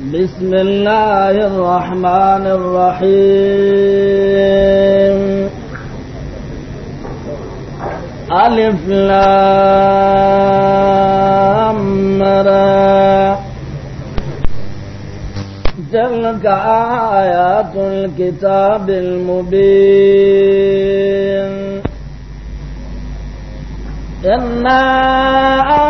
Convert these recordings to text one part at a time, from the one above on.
بسم الله الرحمن الرحيم ألف لام را تلك آيات الكتاب المبين إنا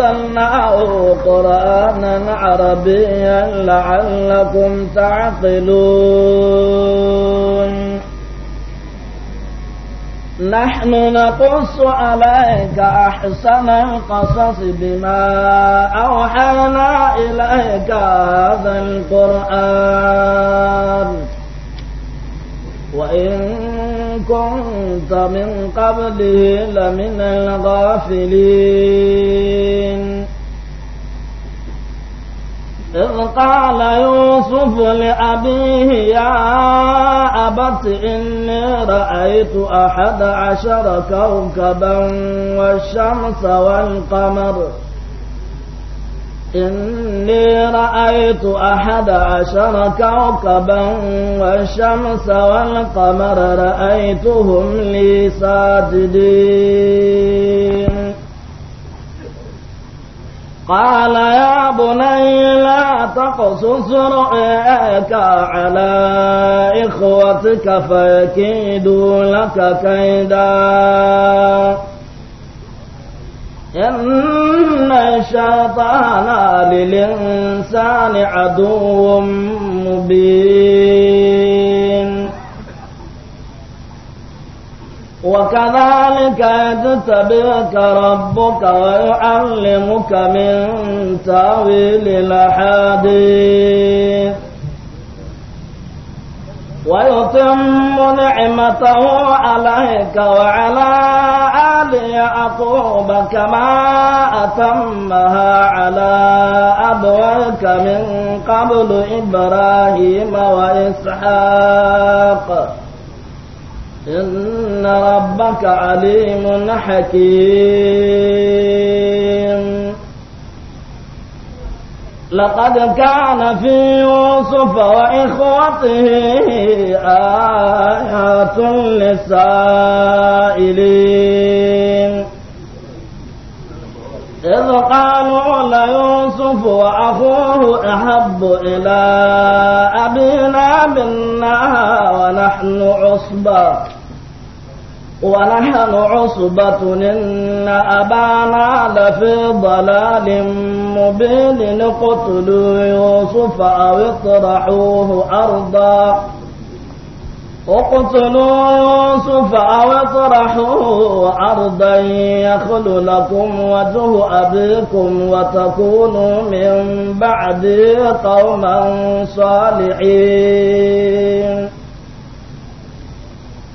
أنزلناه قرآنا عربيا لعلكم تعقلون نحن نقص عليك أحسن القصص بما أوحينا إليك هذا القرآن وإن كنت من قبله لمن الغافلين إذ قال يوسف لأبيه يا أبت إني رأيت أحد عشر كوكبا والشمس والقمر إني رأيت أحد عشر كوكبا والشمس والقمر رأيتهم لي ساجدين قال يا بني لا تقصص رؤياك على إخوتك فيكيدوا لك كيداً إن الشيطان للإنسان عدو مبين وكذلك يجتبيك ربك ويعلمك من تاويل الأحاديث ويتم نعمته عليك وعلى آل يعقوب كما أتمها على أبويك من قبل إبراهيم وإسحاق إن ربك عليم حكيم لقد كان في يوسف وإخوته آيات للسائلين إذ قالوا ليوسف وأخوه أحب إلى أبينا منا ونحن عصبة ụwanahianụụsụbatuina abanadafebalalimmụbediọkpụtụnụsụfa awetụrahụụ arụdahị akụlụlakomụadụhụ abkom watakonumịmba adika ụmasọlihi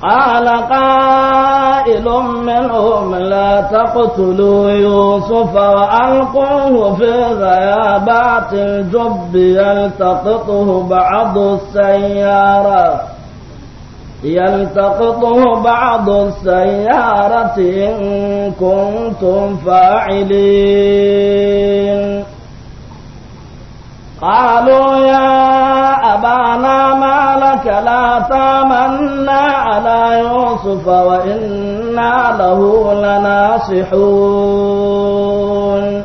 قال قائل منهم لا تقتلوا يوسف وألقوه في غيابات الجب يلتقطه بعض السيارة يلتقطه بعض السيارة إن كنتم فاعلين قالوا يا أبانا ما لك لا تامنا على يوسف وإنا له لناصحون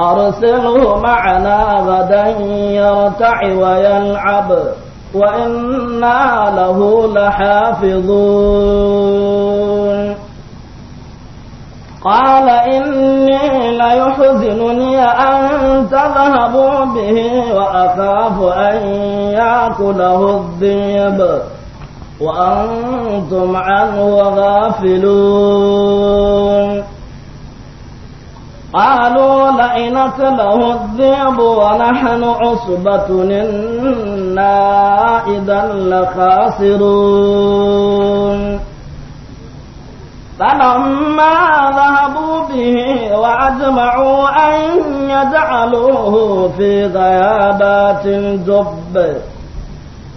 أرسله معنا غدا يرتع ويلعب وإنا له لحافظون قال إني ليحزنني أن تذهبوا به وأخاف أن يأكله الذئب وأنتم عنه غافلون قالوا لئن أكله الذئب ونحن عصبة إنا إذا لخاسرون فلما ذهبوا به وأجمعوا أن يجعلوه في غيابات الجب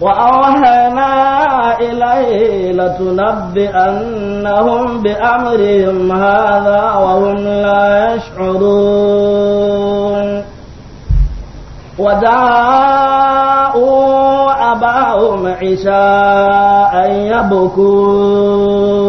وأوحينا إليه لتنبئنهم بأمرهم هذا وهم لا يشعرون وجاءوا أباهم عشاء يبكون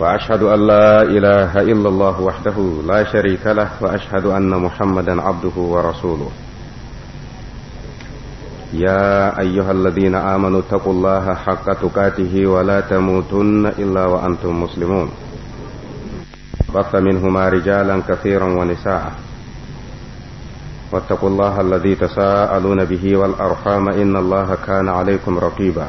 وأشهد أن لا إله إلا الله وحده لا شريك له وأشهد أن محمدا عبده ورسوله يا أيها الذين آمنوا اتقوا الله حق تقاته ولا تموتن إلا وأنتم مسلمون بث منهما رجالا كثيرا ونساء واتقوا الله الذي تساءلون به والأرحام إن الله كان عليكم رقيبا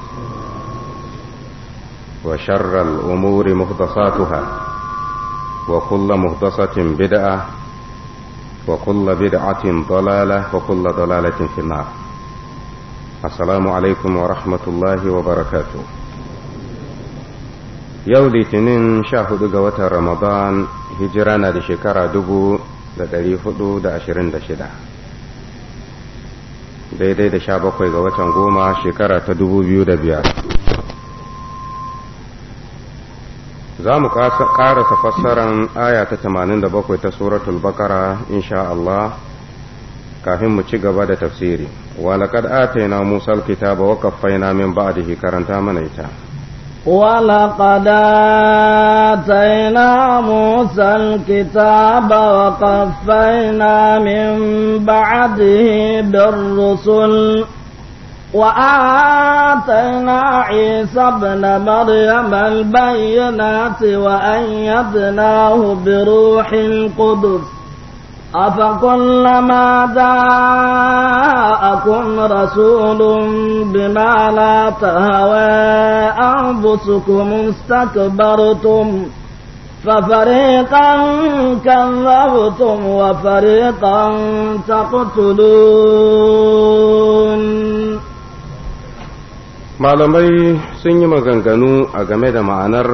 وشر الأمور مهدساتها وكل مهدسة بدعة وكل بدعة ضلالة وكل ضلالة في النار السلام عليكم ورحمة الله وبركاته Yau litinin sha huɗu ga watan ramadan hijira na da shekara dubu da dari hudu da ashirin da shida daidai da sha bakwai ga watan goma shekara ta dubu biyu da biyar za mu ƙarasa fassaran aya ta tamanin da bakwai ta suratul bakara insha Allah kafin mu ci gaba da tafsiri walakad atayna musal kitaba wa kaffayna min ba'dihi karanta mana ita musal آتينا wa الكتاب min من bir rusul وآتينا عيسى ابن مريم البينات وأيدناه بروح القدس أفكلما جاءكم رسول بما لا تهوى أنفسكم استكبرتم ففريقا كذبتم وفريقا تقتلون malamai sun yi maganganu a game da ma'anar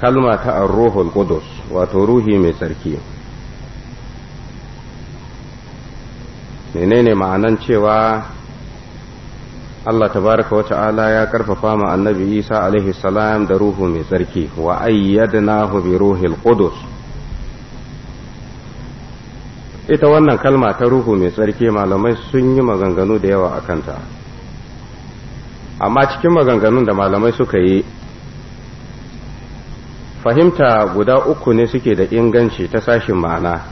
kalma ta arruhul qudus wato ruhi mai tsarki menene ma'anan cewa Allah tabaraka wa ta'ala ya karfafa ma annabi Isa alaihi salam da ruhu mai tsarki wa ayyadnahu bi ruhil qudus ita wannan kalma ta ruhu mai tsarki malamai sun yi maganganu da yawa a kanta amma cikin maganganun da malamai suka yi fahimta guda uku ne suke da inganci ta sashin ma'ana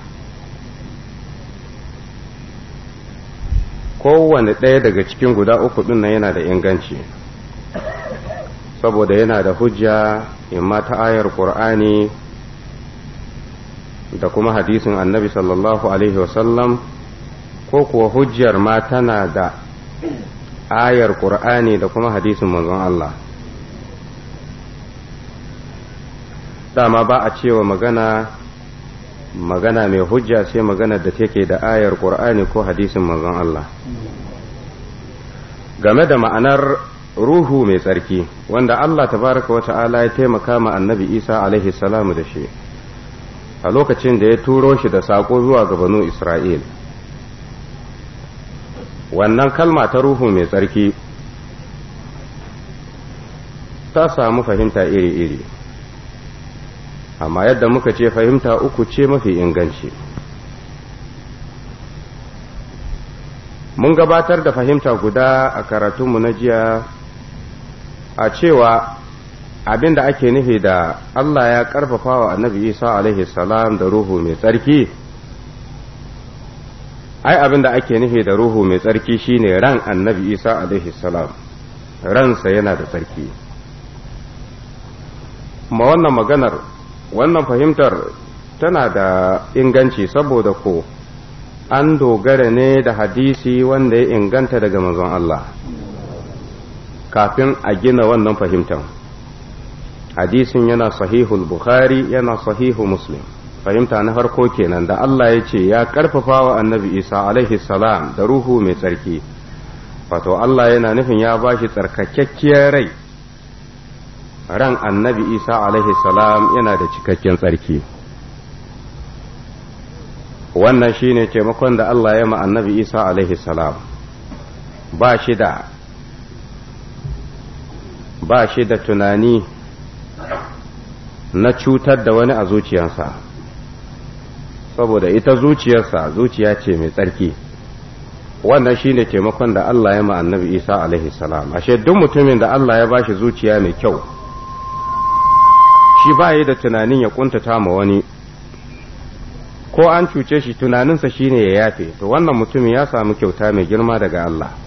kowane ɗaya daga cikin guda uku ɗin yana da inganci saboda yana da hujja imma ta ayar ƙur'ani da kuma hadisin annabi sallallahu alaihi wasallam ko kuwa hujjar ma tana da ayar ƙur'ani da kuma hadisin manzon Allah dama ba a cewa magana magana mai hujja sai magana da take da ayar ƙur'ani ko hadisin manzon Allah game da ma'anar ruhu mai tsarki wanda Allah tabaraka wa ta'ala ya taimaka ma annabi Isa alaihi salamu da shi a lokacin da ya turo shi da saƙo zuwa ga banu Isra'il. Wannan kalma ta ruhu mai tsarki ta samu fahimta iri-iri, amma yadda muka ce fahimta uku ce mafi inganci. Mun gabatar da fahimta guda a karatunmu na jiya a cewa abin da ake nufi da Allah ya ƙarfafa wa annabi Isa alaihi salam da ruhu mai tsarki ai abin da ake nufi da ruhu mai tsarki shine ran annabi Isa alaihi salam ransa yana da tsarki ma wannan maganar wannan fahimtar tana da inganci saboda ko an dogara ne da hadisi wanda ya inganta daga manzon Allah kafin a gina wannan fahimtar hadisin yana sahihul bukhari yana sahihu muslim fahimta na farko kenan da Allah ya ce ya karfafa wa annabi isa alaihi salam da ruhu mai tsarki wato Allah yana nufin ya ba shi tsarkakakkiyar rai ran annabi isa alaihi salam yana da cikakken tsarki wannan shine taimakon da Allah ya ma annabi isa alaihi salam ba shi da ba shi da tunani na cutar da wani a zuciyarsa saboda ita zuciyarsa zuciya ce mai tsarki wannan shine taimakon da Allah ya ma annabi Isa alaihi salam ashe duk mutumin da Allah ya ba shi zuciya mai kyau shi ba da tunanin ya kuntata ma wani ko an cuce shi tunaninsa shine ya yafe to wannan mutumin ya samu kyauta mai girma daga Allah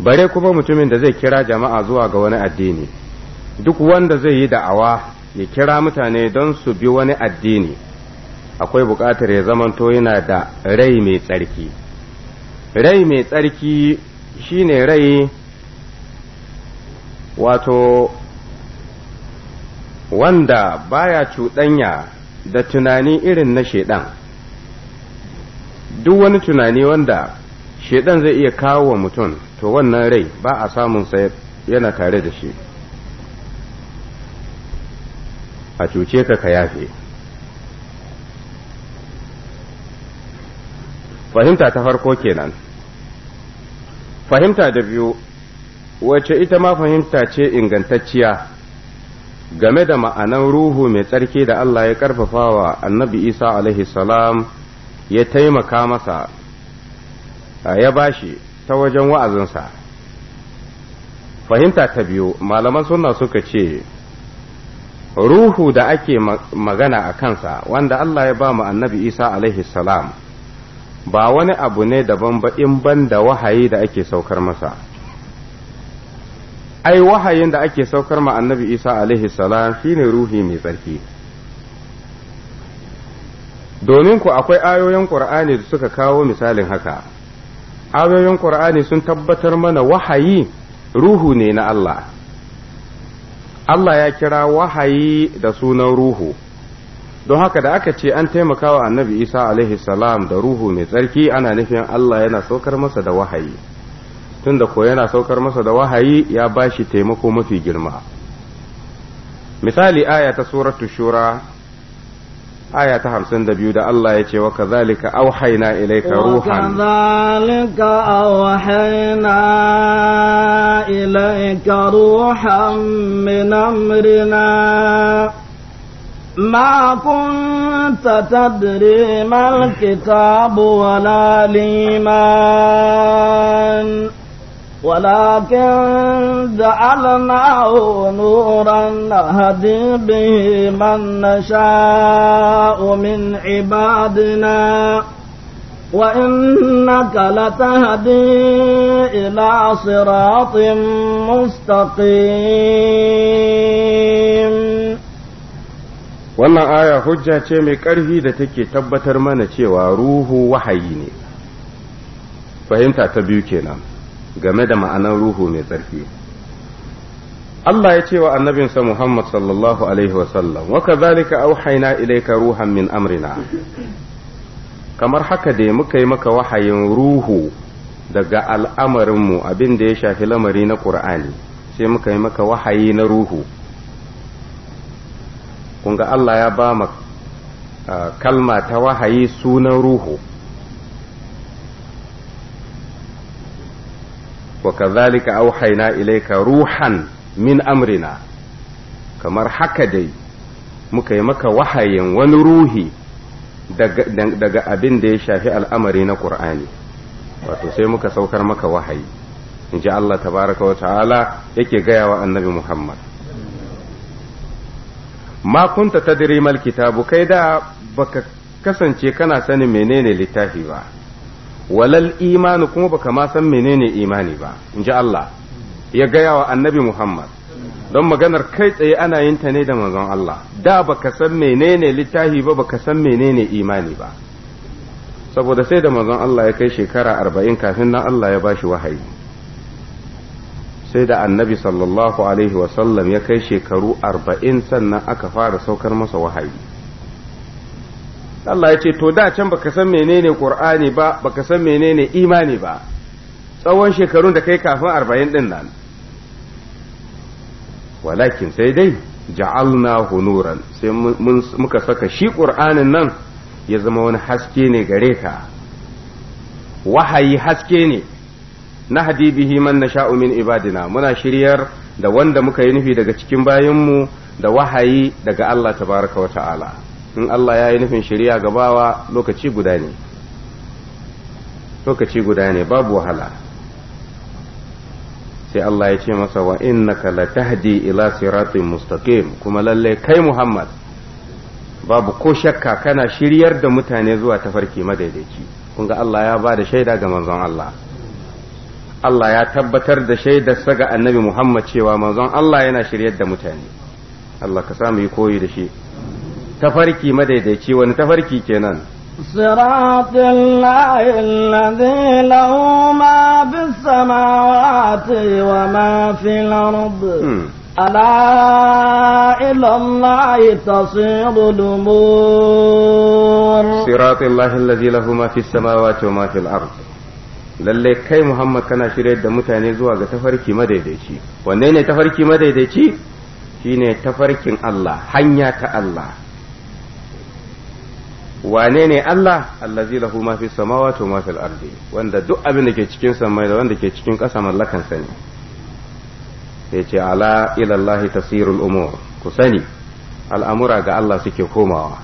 bare kuma mutumin da zai kira jama'a zuwa ga wani addini duk wanda zai yi da'awa ya kira mutane don su bi wani addini akwai buƙatar ya zamanto yana da rai mai tsarki rai mai tsarki shine rai wato wanda baya cuɗanya da tunani irin na shaiɗan duk wani tunani wanda shaiɗan zai iya kawo wa mutum to wannan rai ba a samun sa yana tare da shi a cuce ka ka yafe fahimta ta farko kenan fahimta da biyu wacce ita ma fahimta ce ingantacciya game da ma'anan ruhu mai tsarki da Allah ya ƙarfafa wa annabi isa alaihi salam ya taimaka masa ya bashi ta wajen wa'azinsa fahimta ta biyu malaman suna suka ce ruhu da ake magana a kansa wanda Allah ya ba mu annabi isa alaihi salam ba wani abu ne daban ba in ban da wahayi da ake saukar masa ai wahayin da ake saukar ma annabi isa alaihi salam shine ruhi mai tsarki domin ku akwai ayoyin ƙur'ani da suka kawo misalin haka ayoyin qur'ani sun tabbatar mana wahayi ruhu ne na Allah Allah ya kira wahayi da sunan ruhu don haka da aka ce an taimakawa annabi isa alaihi salam da ruhu mai tsarki ana nufin Allah yana saukar masa da wahayi tunda ko yana saukar masa da wahayi ya bashi taimako mafi girma misali aya ta suratu shura aya ta hamsin da biyu da Allah ya ce wa ka zalika auhaina ilaika ruhan wa zalika auhaina ilaika ruhan min amrina ما كنت تدري ما الكتاب ولا liman. ولكن جعلناه نورا نهدي به من نشاء من عبادنا وإنك لتهدي إلى صراط مستقيم wannan aya hujja ce mai ƙarfi da take tabbatar mana cewa ruhu wahayi ne fahimta ta biyu kenan game da ma'anar ruhu mai tsarki Allah ya ce wa annabinsa Muhammad sallallahu alaihi wasallam wa kadhalika auhayna ilayka ruhan min amrina kamar haka dai muka yi maka wahayin ruhu daga al'amarinmu abin da ya shafi lamari na Qur'ani sai muka yi maka wahayi na ruhu kunga Allah ya ba ah, kalma ta wahayi sunan ruhu wa kazalika ilai ka ruhan min amrina kamar haka dai muka yi maka wahayin wani ruhi daga abin da ya shafi al'amari na ƙur'ani wato sai muka saukar maka wahayi in ji Allah tabaraka wa ta'ala yake gaya wa annabi Muhammad ma kunta tadri mal kitabu kai da baka kasance kana sanin menene littafi ba walal imani kuma baka ma san menene imani ba in ji Allah ya gaya wa annabi Muhammad don maganar kai tsaye ana yin ta ne da manzon Allah da ba ka san menene littafi ba ba ka san menene imani ba saboda sai da manzon Allah ya kai shekara arba'in kafin nan Allah ya ba shi wahayi sai da annabi sallallahu alaihi wasallam ya kai shekaru arba'in sannan aka fara saukar masa wahayi Allah ya ce to da can baka san menene Qur'ani ba baka san menene imani ba tsawon shekarun da kai kafin arba'in din nan walakin sai dai ja'alna hunuran sai muka saka shi Qur'anin nan ya zama wani haske ne gare ka wahayi haske ne na hadibihi man nasha'u min ibadina muna shiryar da wanda muka yi nufi daga cikin bayanmu da wahayi daga Allah tabaraka wa ta'ala in Allah ya yi nufin shari'a gabawa lokaci guda ne lokaci guda ne babu wahala sai Allah ya ce masa wa innaka latahdi ila siratin mustaqim kuma lallai kai Muhammad babu ko shakka kana shiryar da mutane zuwa tafarki madaidaici kun ga Allah ya ba da shaida ga manzon Allah Allah ya tabbatar da shaidarsa ga annabi Muhammad cewa manzon Allah yana shiryar da mutane Allah ka samu koyi da shi tafarki madaidaici wani tafarki kenan صراط الله الذي له ما في السماوات وما في الأرض ألا إلى الله تصير الأمور صراط الله الذي له ما في السماوات وما في الأرض lalle kai Muhammad kana shirya da mutane zuwa ga tafarki madaidaici wanne ne tafarki madaidaici shine tafarkin Allah hanya ta Allah wane ne Allah allazi lahu ma fi samawati wa fil ardi wanda duk abin da ke cikin samai da wanda ke cikin ƙasa mallakan sa ne yace ala ila Allah tasirul umur ku sani al'amura ga Allah suke komawa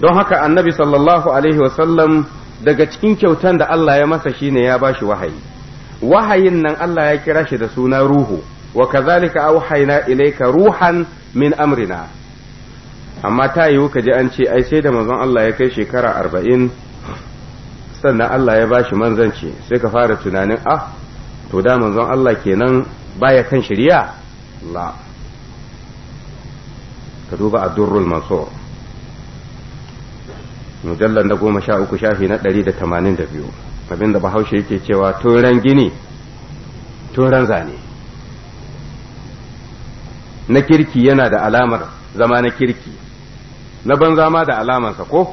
don haka annabi sallallahu alaihi wasallam daga cikin kyautan da Allah ya masa shine ya bashi wahayi wahayin nan Allah ya kira shi da suna ruhu wa kazalika auhayna ilayka ruhan min amrina amma ta yiwu ka ji an ce ai sai da manzon Allah ya kai shekara arba'in sannan Allah ya bashi manzanci sai ka fara tunanin ah to da manzon Allah kenan baya kan shari'a la ka duba ad-durrul mansur mujallar da goma sha uku shafi na ɗari da tamanin da biyu abinda bahaushe yake cewa turan gini turan zane na kirki yana da alamar zama na kirki na banza ma da alamansa ko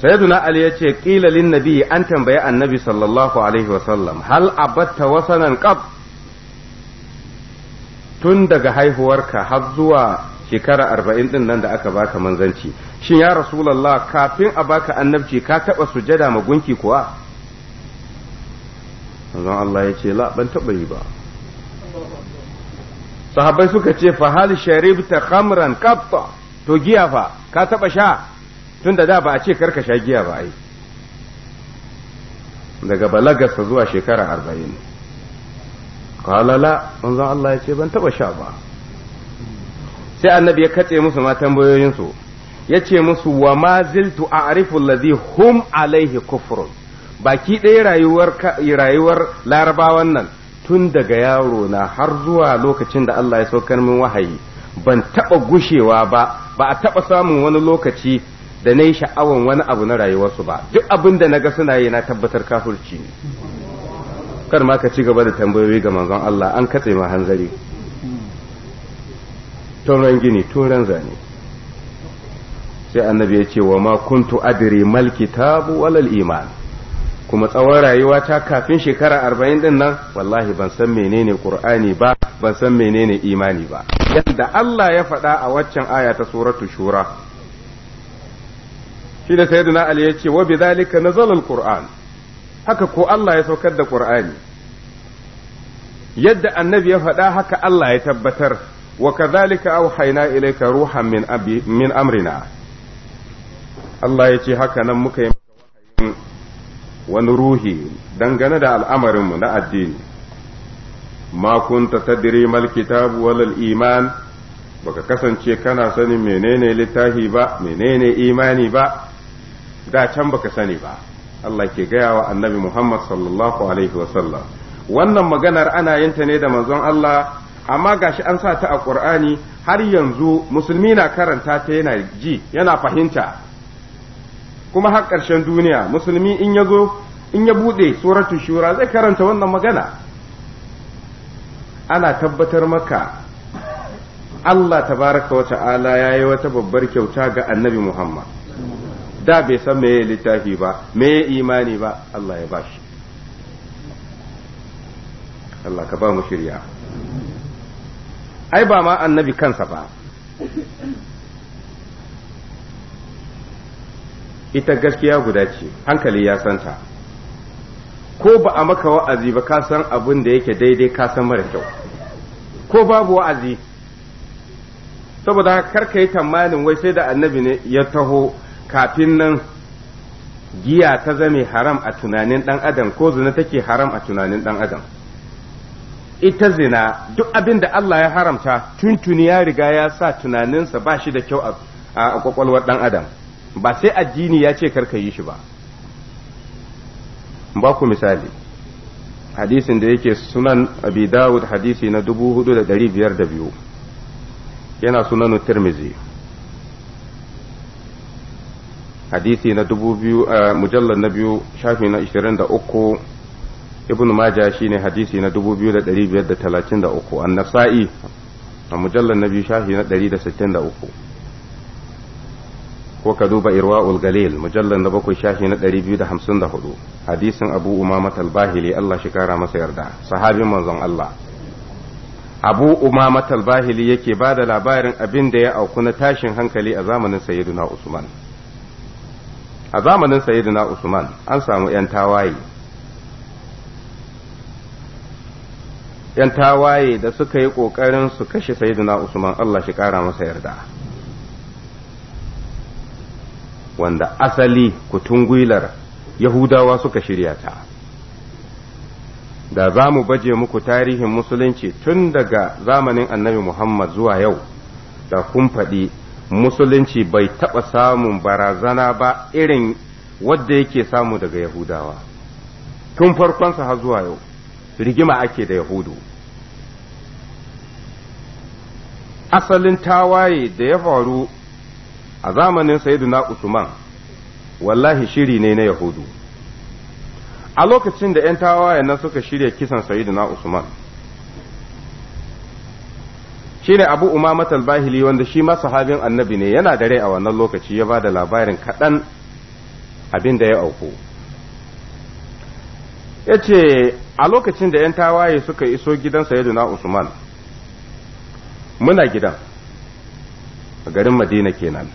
sayyiduna ali ya ce ƙilalin lin nabi an tambayi annabi sallallahu alaihi sallam hal abatta wasanan qab tun daga haihuwarka har zuwa shekara arba'in din nan da aka baka manzanci shin ya rasulallah kafin a baka annabci ka taɓa sujada ma gunki kuwa manzon Allah ya ce la ban taɓa yi ba sahabbai suka ce fa hal sharibta khamran qatta to giya fa ka taba sha tunda da ba a ce karka sha giya ba ai daga balagarsa zuwa shekara arba'in la manzon Allah ya ce ban taba sha ba sai annabi ya katse musu ma tambayoyinsu ya ce musu wa ma ziltu a'rifu alladhi hum alaihi kufrun baki ɗaya rayuwar rayuwar larabawan nan tun daga yaro na har zuwa lokacin da Allah ya saukar min wahayi ban taɓa gushewa ba ba a taɓa samun wani lokaci da na yi sha'awan wani abu na rayuwarsu ba duk abin da ga suna yi na tabbatar kafirci ne kar ma ka ci gaba da tambayoyi ga manzon Allah an katse ma hanzari turan gini turan zane sai annabi ya ce wa ma kuntu adri mal kitabu wal iman kuma tsawon rayuwa ta kafin shekara arba'in din nan wallahi ban san menene qur'ani ba ban san menene imani ba yadda Allah ya faɗa a waccan aya ta suratu shura shi da sayyidina ali yace wa bidhalika nazala alquran haka ko Allah ya saukar da qur'ani yadda annabi ya faɗa haka Allah ya tabbatar wa kadhalika awhayna ilayka ruhan min min amrina Allah ya ce haka nan muka yi wani ruhi dangane da al'amarinmu na addini ma kunta tadri mal kitabu walal iman baka kasance kana sanin menene littafi ba menene imani ba da can baka sani ba Allah ke gaya wa annabi Muhammad sallallahu alaihi wasallam wannan maganar ana yinta ne da manzon Allah amma gashi an sa ta a Qur'ani har yanzu musulmi na karanta ta yana ji yana fahimta kuma har ƙarshen duniya musulmi in ya zo in ya buɗe suratul shura zai karanta wannan magana ana tabbatar maka Allah tabaraka wa ta'ala ya yi wata babbar kyauta ga annabi Muhammad da bai san meye littafi ba meye imani ba Allah ya bashi Allah ka ba mu shirya ai ba ma annabi kansa ba ita gaskiya guda ce hankali ya santa ko ba a maka wa'azi ba ka san abin da yake daidai ka san mara kyau ko babu wa'azi saboda kar ka yi tamanin wai sai da annabi ne ya taho kafin nan giya ta zame haram a tunanin dan adam ko zina take haram a tunanin dan adam ita zina duk abin da Allah ya haramta tuntuni ya riga ya sa tunaninsa ba shi da kyau a kwakwalwar ɗan adam ba sai addini ya ce karka yi shi ba ba ku misali hadisin da yake sunan abi dawud hadisi na 4502 yana sunan tirmizi hadisi na dubu biyu mujallar na biyu shafi na 23 ibn majah shine hadisi na 2533 an-nasa'i a mujallar na biyu shafi na 163 ko ka duba irwa'ul galil mujallar na bakwai shafi na ɗari biyu da hamsin 254 hadisin abu umama talbahili Allah shi kara masa yarda sahabin manzon Allah abu umama talbahili yake ba da labarin abin da ya auku na tashin hankali a zamanin sayyiduna usman a zamanin sayyiduna usman an samu 'yan tawaye ‘yan tawaye da suka yi ƙoƙarin su kashe sayyiduna Usman Allah shi kara masa yarda. wanda asali kutungwilar yahudawa suka shirya ta da zamu baje muku tarihin musulunci tun daga zamanin annabi muhammad zuwa yau da kun faɗi musulunci bai taɓa samun barazana ba irin wanda yake samu daga yahudawa tun farkonsa har zuwa yau rigima ake da yahudu asalin tawaye da ya faru a zamanin sayyidina usman wallahi shiri ne na yahudu a lokacin da 'yan tawayen nan suka shirya kisan sayyidina usman shi ne abu umama talbahili wanda shi ma sahabin annabi ne yana da rai a wannan lokaci ya ba da labarin kaɗan abin da ya auku ya ce a lokacin da 'yan tawaye suka iso gidan Sayyiduna usman muna gidan a garin madina kenan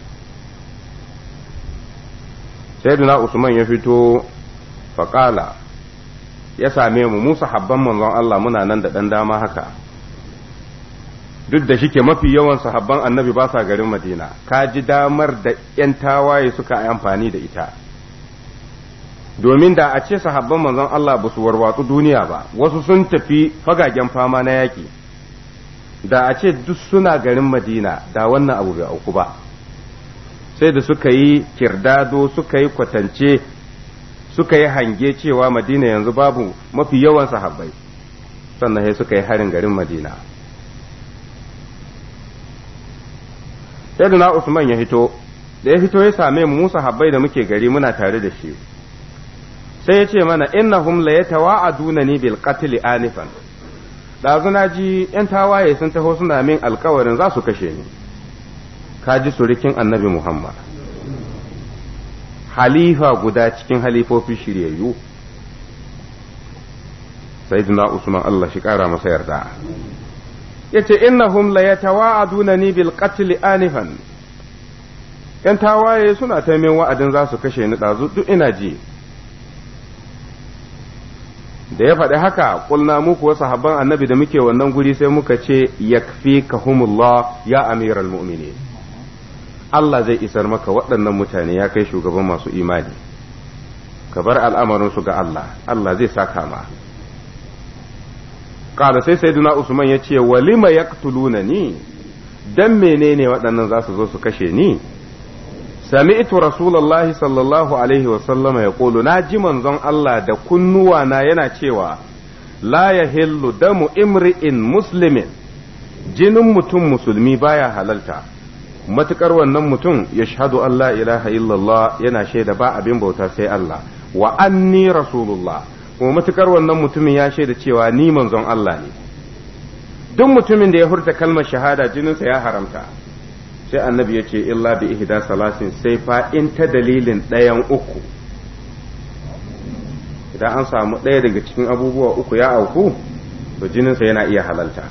sayyidina usman ya fito faƙala ya same mu mu sahabban manzon Allah muna nan da ɗan dama haka duk da shi ke mafi yawan sahabban annabi ba sa garin madina ka ji damar da 'yan tawaye suka yi amfani da ita domin da a ce sahabban manzon Allah ba su warwatsu duniya ba wasu sun tafi fagagen fama na yaki da a ce duk suna garin madina da wannan abu bai auku ba sai da suka yi kirdado suka yi kwatance suka yi hange cewa madina yanzu babu mafi yawan sahabbai sannan sai suka yi harin garin madina sai usman ya hito da ya fito ya same mu musa habbai da muke gari muna tare da shi sai ya ce mana innahum la yatawa'aduna ni bil qatl anifan da na ji yan tawaye sun taho suna min alkawarin za su kashe ni ji surikin annabi Muhammad halifa guda cikin halifofi shiryayyu sayyidina Usman Allah shi kara masa yarda yace innahum la yatawa'adunani bil qatl anifan yan tawaye suna ta min wa'adin za su kashe ni ɗazu duk ina ji da ya faɗi haka kulna mu kuwa sahabban annabi da muke wannan guri sai muka ce yakfi kahumullah ya amiral mu'minin Allah zai isar maka waɗannan mutane ya kai shugaban masu imani ka bar al'amarinsu ga Allah Allah zai saka ma ƙada sai sayyiduna usman ya ce walima yaktuluna ni dan menene waɗannan za su zo su kashe ni sami'tu rasulullahi sallallahu alaihi wa sallama ya kulu na ji manzon Allah da kunnuwa na yana cewa la yahillu damu imri'in muslimin jinin mutum musulmi baya halalta matukar wannan mutum ya shahadu Allah ilaha illallah yana shaida ba abin bauta sai Allah wa anni rasulullah kuma matukar wannan mutumin ya shaida cewa ni manzon Allah ne duk mutumin da ya hurta kalmar shahada jininsa ya haramta sai annabi ya ce illa bi ihda salasin sai fa in ta dalilin ɗayan uku idan an samu ɗaya daga cikin abubuwa uku ya auku to jininsa yana iya halalta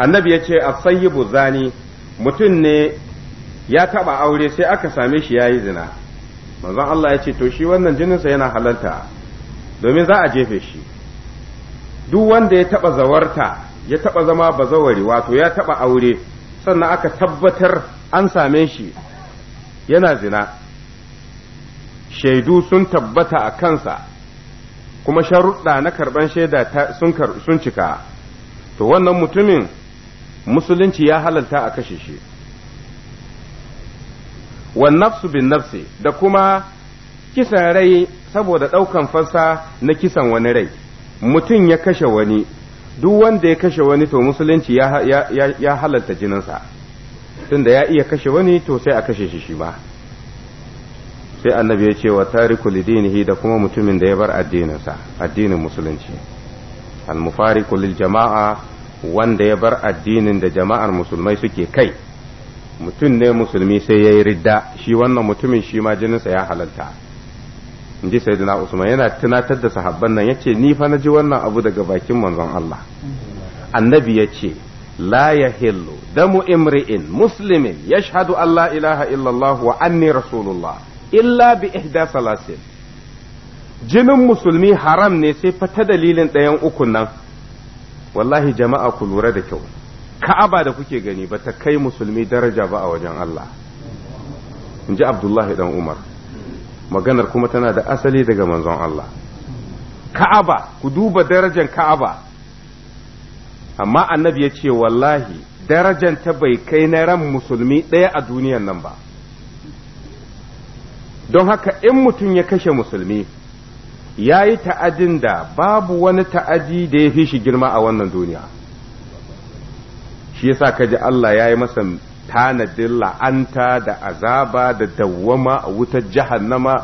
annabi ya ce asayyibu zani mutum ne ya taba aure sai aka same shi ya yi zina manzon Allah ya ce to shi wannan jininsa yana halalta domin za a jefe shi duk wanda ya taba zawarta ya taba zama bazawari wato ya taba aure sannan aka tabbatar an same shi yana zina shaidu sun tabbata a kansa kuma sharuɗa na karɓar shaida sun cika to wannan mutumin musulunci ya halalta a kashe shi wa nafsu bin nafsi da kuma kisan rai saboda ɗaukan fasa na kisan wani rai mutum ya kashe wani duk wanda ya kashe wani to musulunci ya, ya, ya, halalta jininsa tunda ya iya kashe wani to sai a kashe shi shi ba sai annabi ya ce wa tariku lidinihi da kuma mutumin da ya bar addininsa addinin musulunci al-mufariqu lil jama'a wanda ya bar addinin da jama'ar musulmai suke kai mutum ne musulmi sai ya yi ridda shi wannan mutumin shi ma jininsa ya halalta Inji ji usman yana tunatar da sahabban nan yace ni fa naji wannan abu daga bakin manzon Allah annabi yace la yahillu damu imri'in muslimin yashhadu shahadu Allah ilaha illallah wa anni rasulullah illa bi ihda salasin jinin musulmi haram ne sai fa ta dalilin ɗayan ukun nan wallahi jama'a ku lura da kyau ka'aba da kuke gani ba ta kai musulmi daraja ba a wajen Allah in ji abdullahi dan umar maganar kuma tana da asali daga manzon Allah ka'aba ku duba darajar ka'aba amma annabi ya ce wallahi darajan ta bai kai na ran musulmi ɗaya a duniyan nan ba don haka in mutum ya kashe musulmi ya yi ta'adin da babu wani ta'adi da ya fi shi girma a wannan duniya shi yasa ji Allah ya yi masa tanadin la'anta da azaba da dawwama a wutar jahannama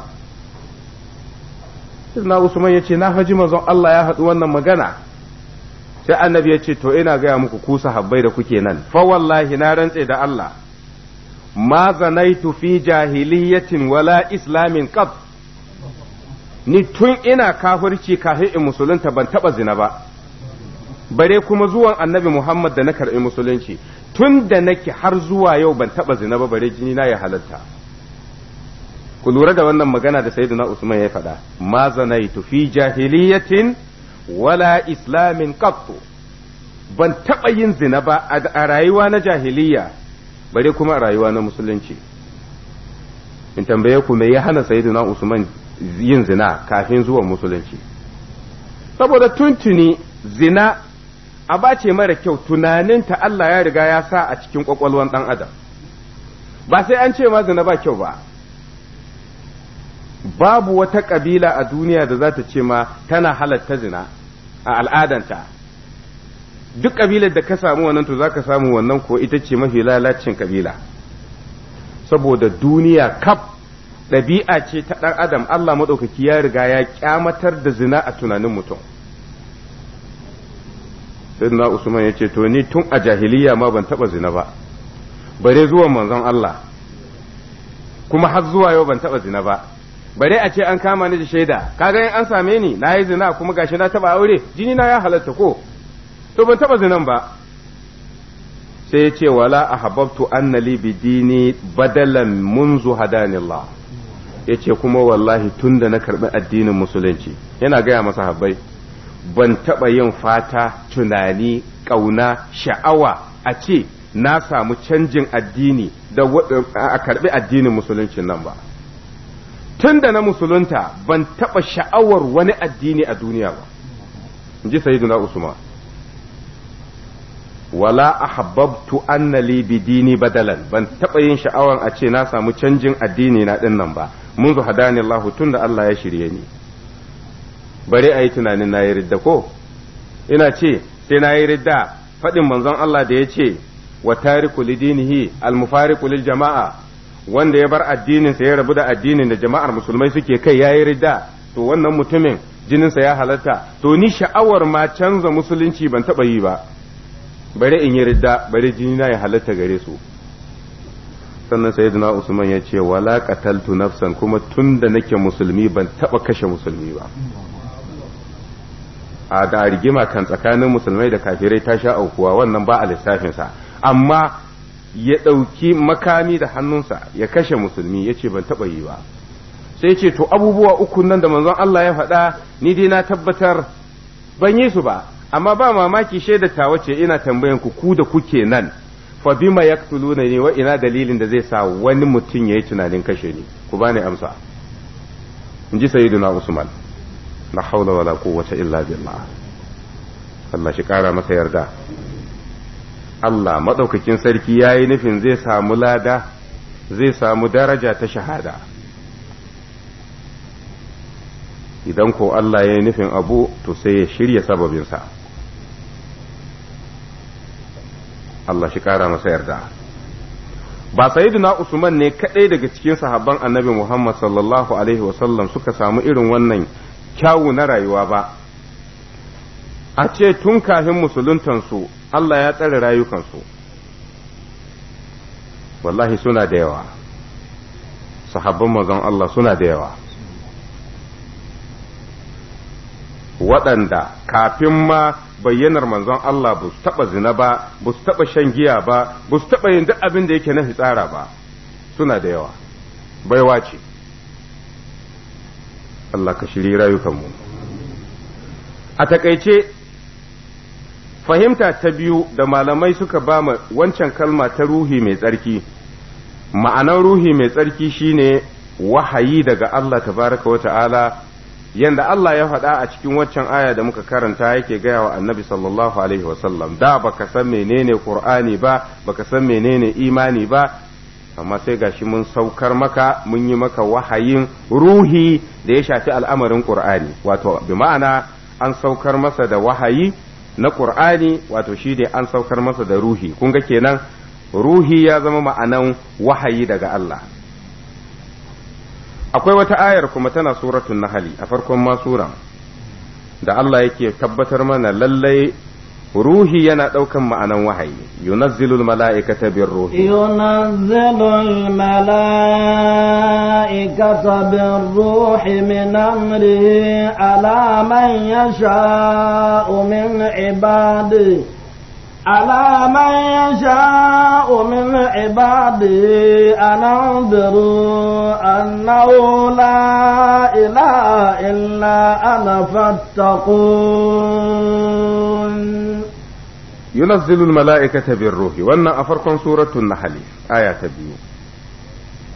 na Usman ya ce na haji mazan Allah ya haɗu wannan magana sai annabi ya ce to ina gaya muku ku sahabbai da kuke nan fa wallahi na rantse da Allah ma zanaitu fi jahiliyatin wala islamin qat ni tun ina kafirci kafin in musulunta ban taba zina ba bare kuma zuwan annabi Muhammad da na karɓi musulunci tun da nake har zuwa yau ban taba zina ba bare jini na ya halatta ku lura da wannan magana da sayyiduna Usman ya faɗa ma zanaitu fi jahiliyatin wala islamin qattu ban taba yin zina ba a rayuwa na jahiliya bare kuma a rayuwa na musulunci in tambaye ku me ya hana sayyiduna Usman yin zina kafin zuwan musulunci saboda tuntuni zina a bace mara kyau tunaninta Allah ya riga ya sa a cikin kwakwalwan ɗan adam ba sai an ce ma zina ba kyau ba babu wata ƙabila a duniya da za ta ce ma tana halatta zina a al'adanta duk ƙabilar da ka samu wannan to za ka samu wannan ko ita ce mafi lalacin ƙabila saboda duniya kaf ɗabi'a ce ta ɗan adam Allah maɗaukaki ya riga ya kyamatar da zina a tunanin mutum na usman ya ce to ni tun a jahiliya ma ban taɓa zina ba bare zuwan manzon Allah kuma har zuwa yau ban taɓa zina ba bare a ce an kama ni da shaida kaga in an same ni na yi zina kuma gashi na taɓa aure jini na ya halatta ko to ban taɓa zinan ba sai ya ce wala a ahbabtu anna li bidini badalan munzu hadanillah ya ce kuma wallahi tun da na karɓi addinin musulunci yana gaya masa habbai ban taɓa yin fata tunani ƙauna sha'awa a ce na samu canjin addini da a karɓi addinin musulunci nan ba tun da na musulunta ban taɓa sha'awar wani addini a duniya ba in ji sayyiduna usman wala ahabbabtu anna li dini badalan ban taba yin sha'awan a ce na samu canjin addini na din nan ba منذ hadani tun tunda Allah ya shirye ni bare ayi tunanin nayi ridda ko ina ce sai nayi ridda fadin manzon Allah da ya ce wa tariku lidinihi mufariqu lil jama'a wanda ya bar addinin sa ya rabu da addinin da jama'ar musulmai suke kai yayi ridda to wannan mutumin jininsa ya halatta to ni sha'awar ma canza musulunci ban taba yi ba bari in yi ridda bari jini na ya halatta gare su sannan sayyidina usman ya ce wala qataltu nafsan kuma tun da nake musulmi ban taba kashe musulmi ba a da rigima kan tsakanin musulmai da kafirai ta sha aukuwa wannan ba a lissafinsa amma ya ɗauki makami da hannunsa ya kashe musulmi ya ce ban taba yi ba sai ce to abubuwa uku nan da manzon Allah ya faɗa ni dai na tabbatar ban yi su ba amma ba mamaki shaida tawa ce ina tambayan ku ku da kuke nan fa bima yaqtuluna ne wa ina dalilin da zai sa wani mutum yayi tunanin kashe ni ku bani amsa in ji sayyiduna usman la haula wala quwwata illa billah Allah shi kara masa yarda Allah madaukakin sarki yayi nufin zai samu lada zai samu daraja ta shahada idan ko Allah ya yi nufin abu to sai ya shirya sababinsa Allah shi kara masa yarda ba Sayyiduna Usman ne kadai daga cikin sahabban Annabi Muhammad sallallahu alaihi wasallam suka samu irin wannan kyawu na rayuwa ba a ce tun kafin musuluntansu Allah ya tsare rayukansu wallahi suna da yawa sahabban manzon Allah suna da yawa waɗanda kafin ma bayyanar manzon Allah ba su taɓa zina ba ba su taɓa shan giya ba ba su taɓa yin duk abin da yake na fitsara ba suna da yawa baiwa ce Allah ka shiri rayukanmu a takaice fahimta ta biyu da malamai suka ba wancan kalma ta ruhi mai tsarki ma'anar ruhi mai tsarki shine wahayi daga Allah tabaraka wa yanda Allah ya faɗa a cikin waccan aya da muka karanta yake gaya wa annabi sallallahu alaihi wasallam da baka san menene qur'ani ba baka san menene imani ba amma sai gashi mun saukar maka mun yi maka wahayin ruhi da ya shafi al'amarin qur'ani wato bi ma'ana an saukar masa da wahayi na qur'ani wato shi ne an saukar masa da ruhi kun ga kenan ruhi ya zama ma'anan wahayi daga Allah akwai wata ayar kuma tana suratun nahali a farkon ma da Allah yake tabbatar mana lallai ruhi yana ɗaukan ma'anan wahayi yunazzilul mala'ikata bir ruhi yunazzilul mala'ikata bir ruhi min amrihi ala man yasha'u min على من يشاء من عبادي أن أنذروا أنه لا إله إلا أنا فاتقون ينزل الملائكة بالروح وانا أفرق سورة النحل آية بيو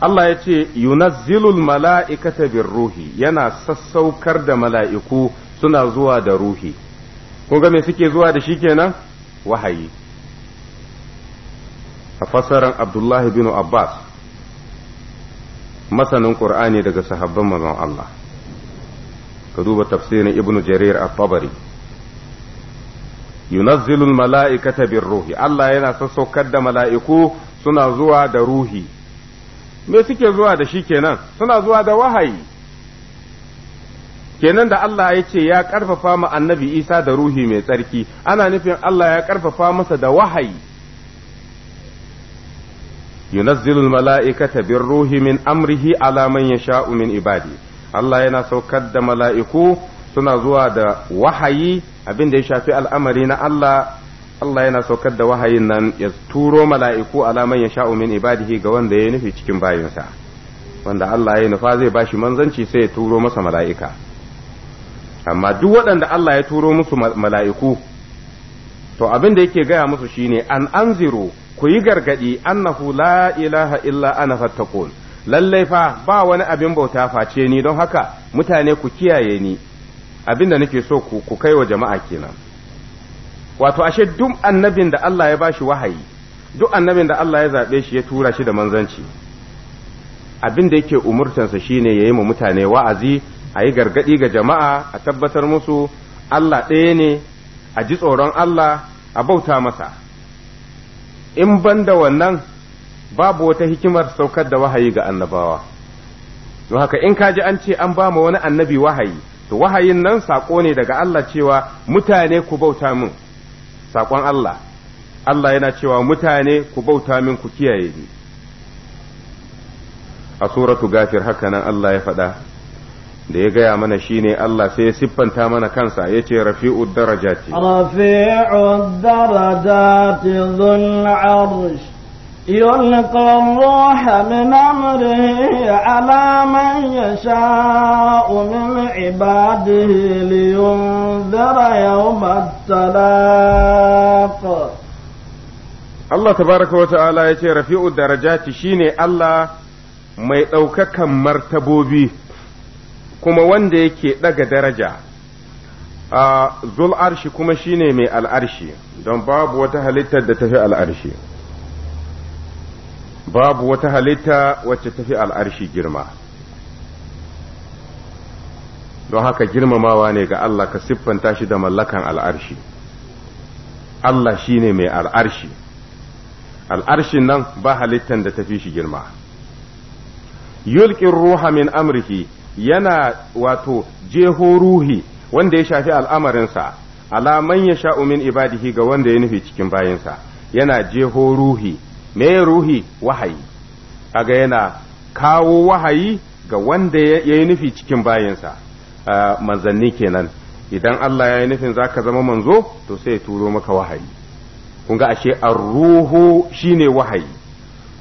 Allah ya ce, Yunazzilul mala'ikata bin ruhi yana sassaukar da mala'iku suna zuwa da ruhi, kun ga me suke zuwa da shi kenan? wahayi a fassarar abdullahi bin abbas masanin ƙur'ani daga sahabban manzon Allah ka duba tafsirin ibnu jarir at-tabari yunazzilu al-mala'ikata bir-ruhi Allah yana sassaukar da mala'iku suna zuwa da ruhi me suke zuwa da shi kenan suna zuwa da wahayi kenan da Allah ya ce ya karfafa ma annabi Isa da ruhi mai tsarki ana nufin Allah ya karfafa masa da wahayi yunazzilu mala'ikata bir ruhi min amrihi ala man yasha'u min ibadi Allah yana saukar da mala'iku suna zuwa da wahayi abin da ya shafi al'amari na Allah Allah yana saukar da wahayin nan ya turo mala'iku ala man yasha'u min ibadihi ga wanda ya nufi cikin bayinsa wanda Allah ya nufa zai bashi manzanci sai ya turo masa mala'ika amma duk waɗanda Allah ya turo musu mala'iku to abin da yake gaya musu shine an anziru ku yi gargadi annahu la ilaha illa ana fattaqun lallai fa ba wani abin bauta face ni don haka mutane ku kiyaye ni abin da nake so ku kai wa jama'a kenan wato ashe duk annabin da Allah ya bashi wahayi duk annabin da Allah ya zaɓe shi ya tura shi da manzanci abin da yake umurtansa shine yayi mu mutane wa'azi a yi gargaɗi ga jama'a a tabbatar musu Allah ɗaya ne a ji tsoron Allah a bauta masa in ban da wannan babu wata hikimar saukar da wahayi ga annabawa don haka in ka ji an ce an ba ma wani annabi wahayi to wahayin nan saƙo ne daga Allah cewa mutane ku bauta min saƙon Allah Allah yana cewa mutane ku bauta min ku kiyaye ni a suratu gafir haka nan Allah ya faɗa da ya gaya mana shine Allah sai ya siffanta mana kansa ya ce rafi'u darajati rafi'u darajati dhul arsh yulqa ar-ruh min amrihi ala man yasha'u min ibadihi liyunzira yawma at-talaq Allah tabaraka wa ta'ala ya ce rafi'ud darajati shine Allah mai ɗaukakan martabobi kuma wanda yake ɗaga daraja a zul arshi kuma shine mai al'arshi don babu wata halittar da tafi al'arshi babu wata halitta wacce tafi al'arshi girma don haka girmamawa ne ga Allah ka siffanta shi da mallakan al'arshi Allah shine mai al'arshi al'arshin nan ba halittan da tafi shi girma yulkin ruha min amurki. yana wato jeho ruhi wanda ya shafi al'amarinsa alaman ya sha min ibadihi ga wanda ya nufi cikin bayinsa yana jeho ruhi me ruhi wahayi kaga yana kawo wahayi ga wanda ya yi nufi cikin bayinsa ah, manzanni kenan idan Allah ya yi nufin za ka zama manzo to sai ya turo maka wahayi kun ga ashe ruhu shine wahayi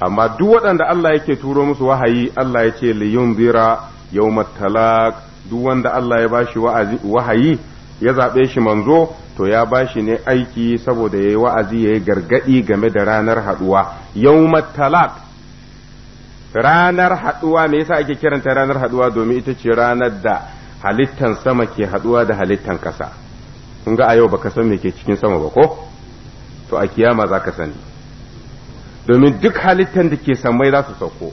amma duk waɗanda Allah yake turo musu wahayi Allah ya ce liyunzira yawmat talaq duk wanda Allah ya bashi wahayi ya zaɓe shi manzo to ya bashi ne aiki saboda yayi wa'azi yayi gargadi game da ranar haduwa yawmat talaq ranar haduwa me yasa ake kiranta ranar haduwa domin ita ce ranar da halittan sama ke haduwa da halittan kasa kun ga a yau baka san me ke cikin sama ba ko to a kiyama zaka sani domin duk halittan da ke samai za su sauko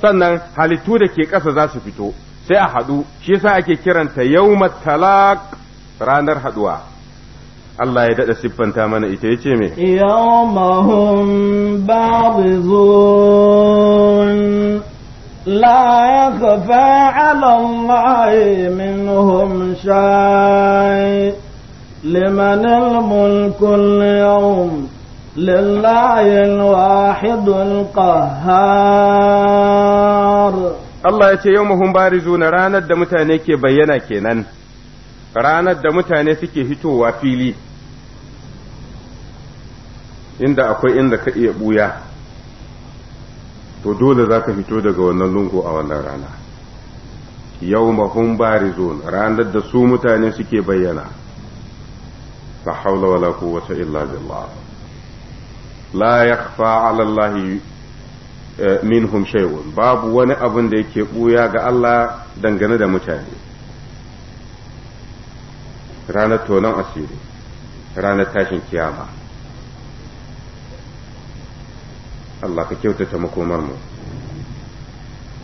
sannan halittu da ke ƙasa za su fito sai a haɗu shi yasa ake kiranta yawmat talaq ranar haɗuwa Allah ya dada siffanta mana ita yace ce me yawmahum ba'dhun la yakfa 'ala Allah minhum shay liman al-mulku al-yawm لله الواحد القهار Allah ya ce yau mahun barizuna ranar da mutane ke bayyana kenan ranar da mutane suke hitowa fili inda akwai inda ka iya buya to dole za ka fito daga wannan lungu a wannan rana yau mahun barizun ranar da su mutane suke bayyana la haula wala illa billah la yakhfa ala Allah eh, minhum shay'un babu wani abin da yake buya ga Allah dangane da mutane ranar tonon asiri ranar tashin kiyama Allah ka kyautata makomar mu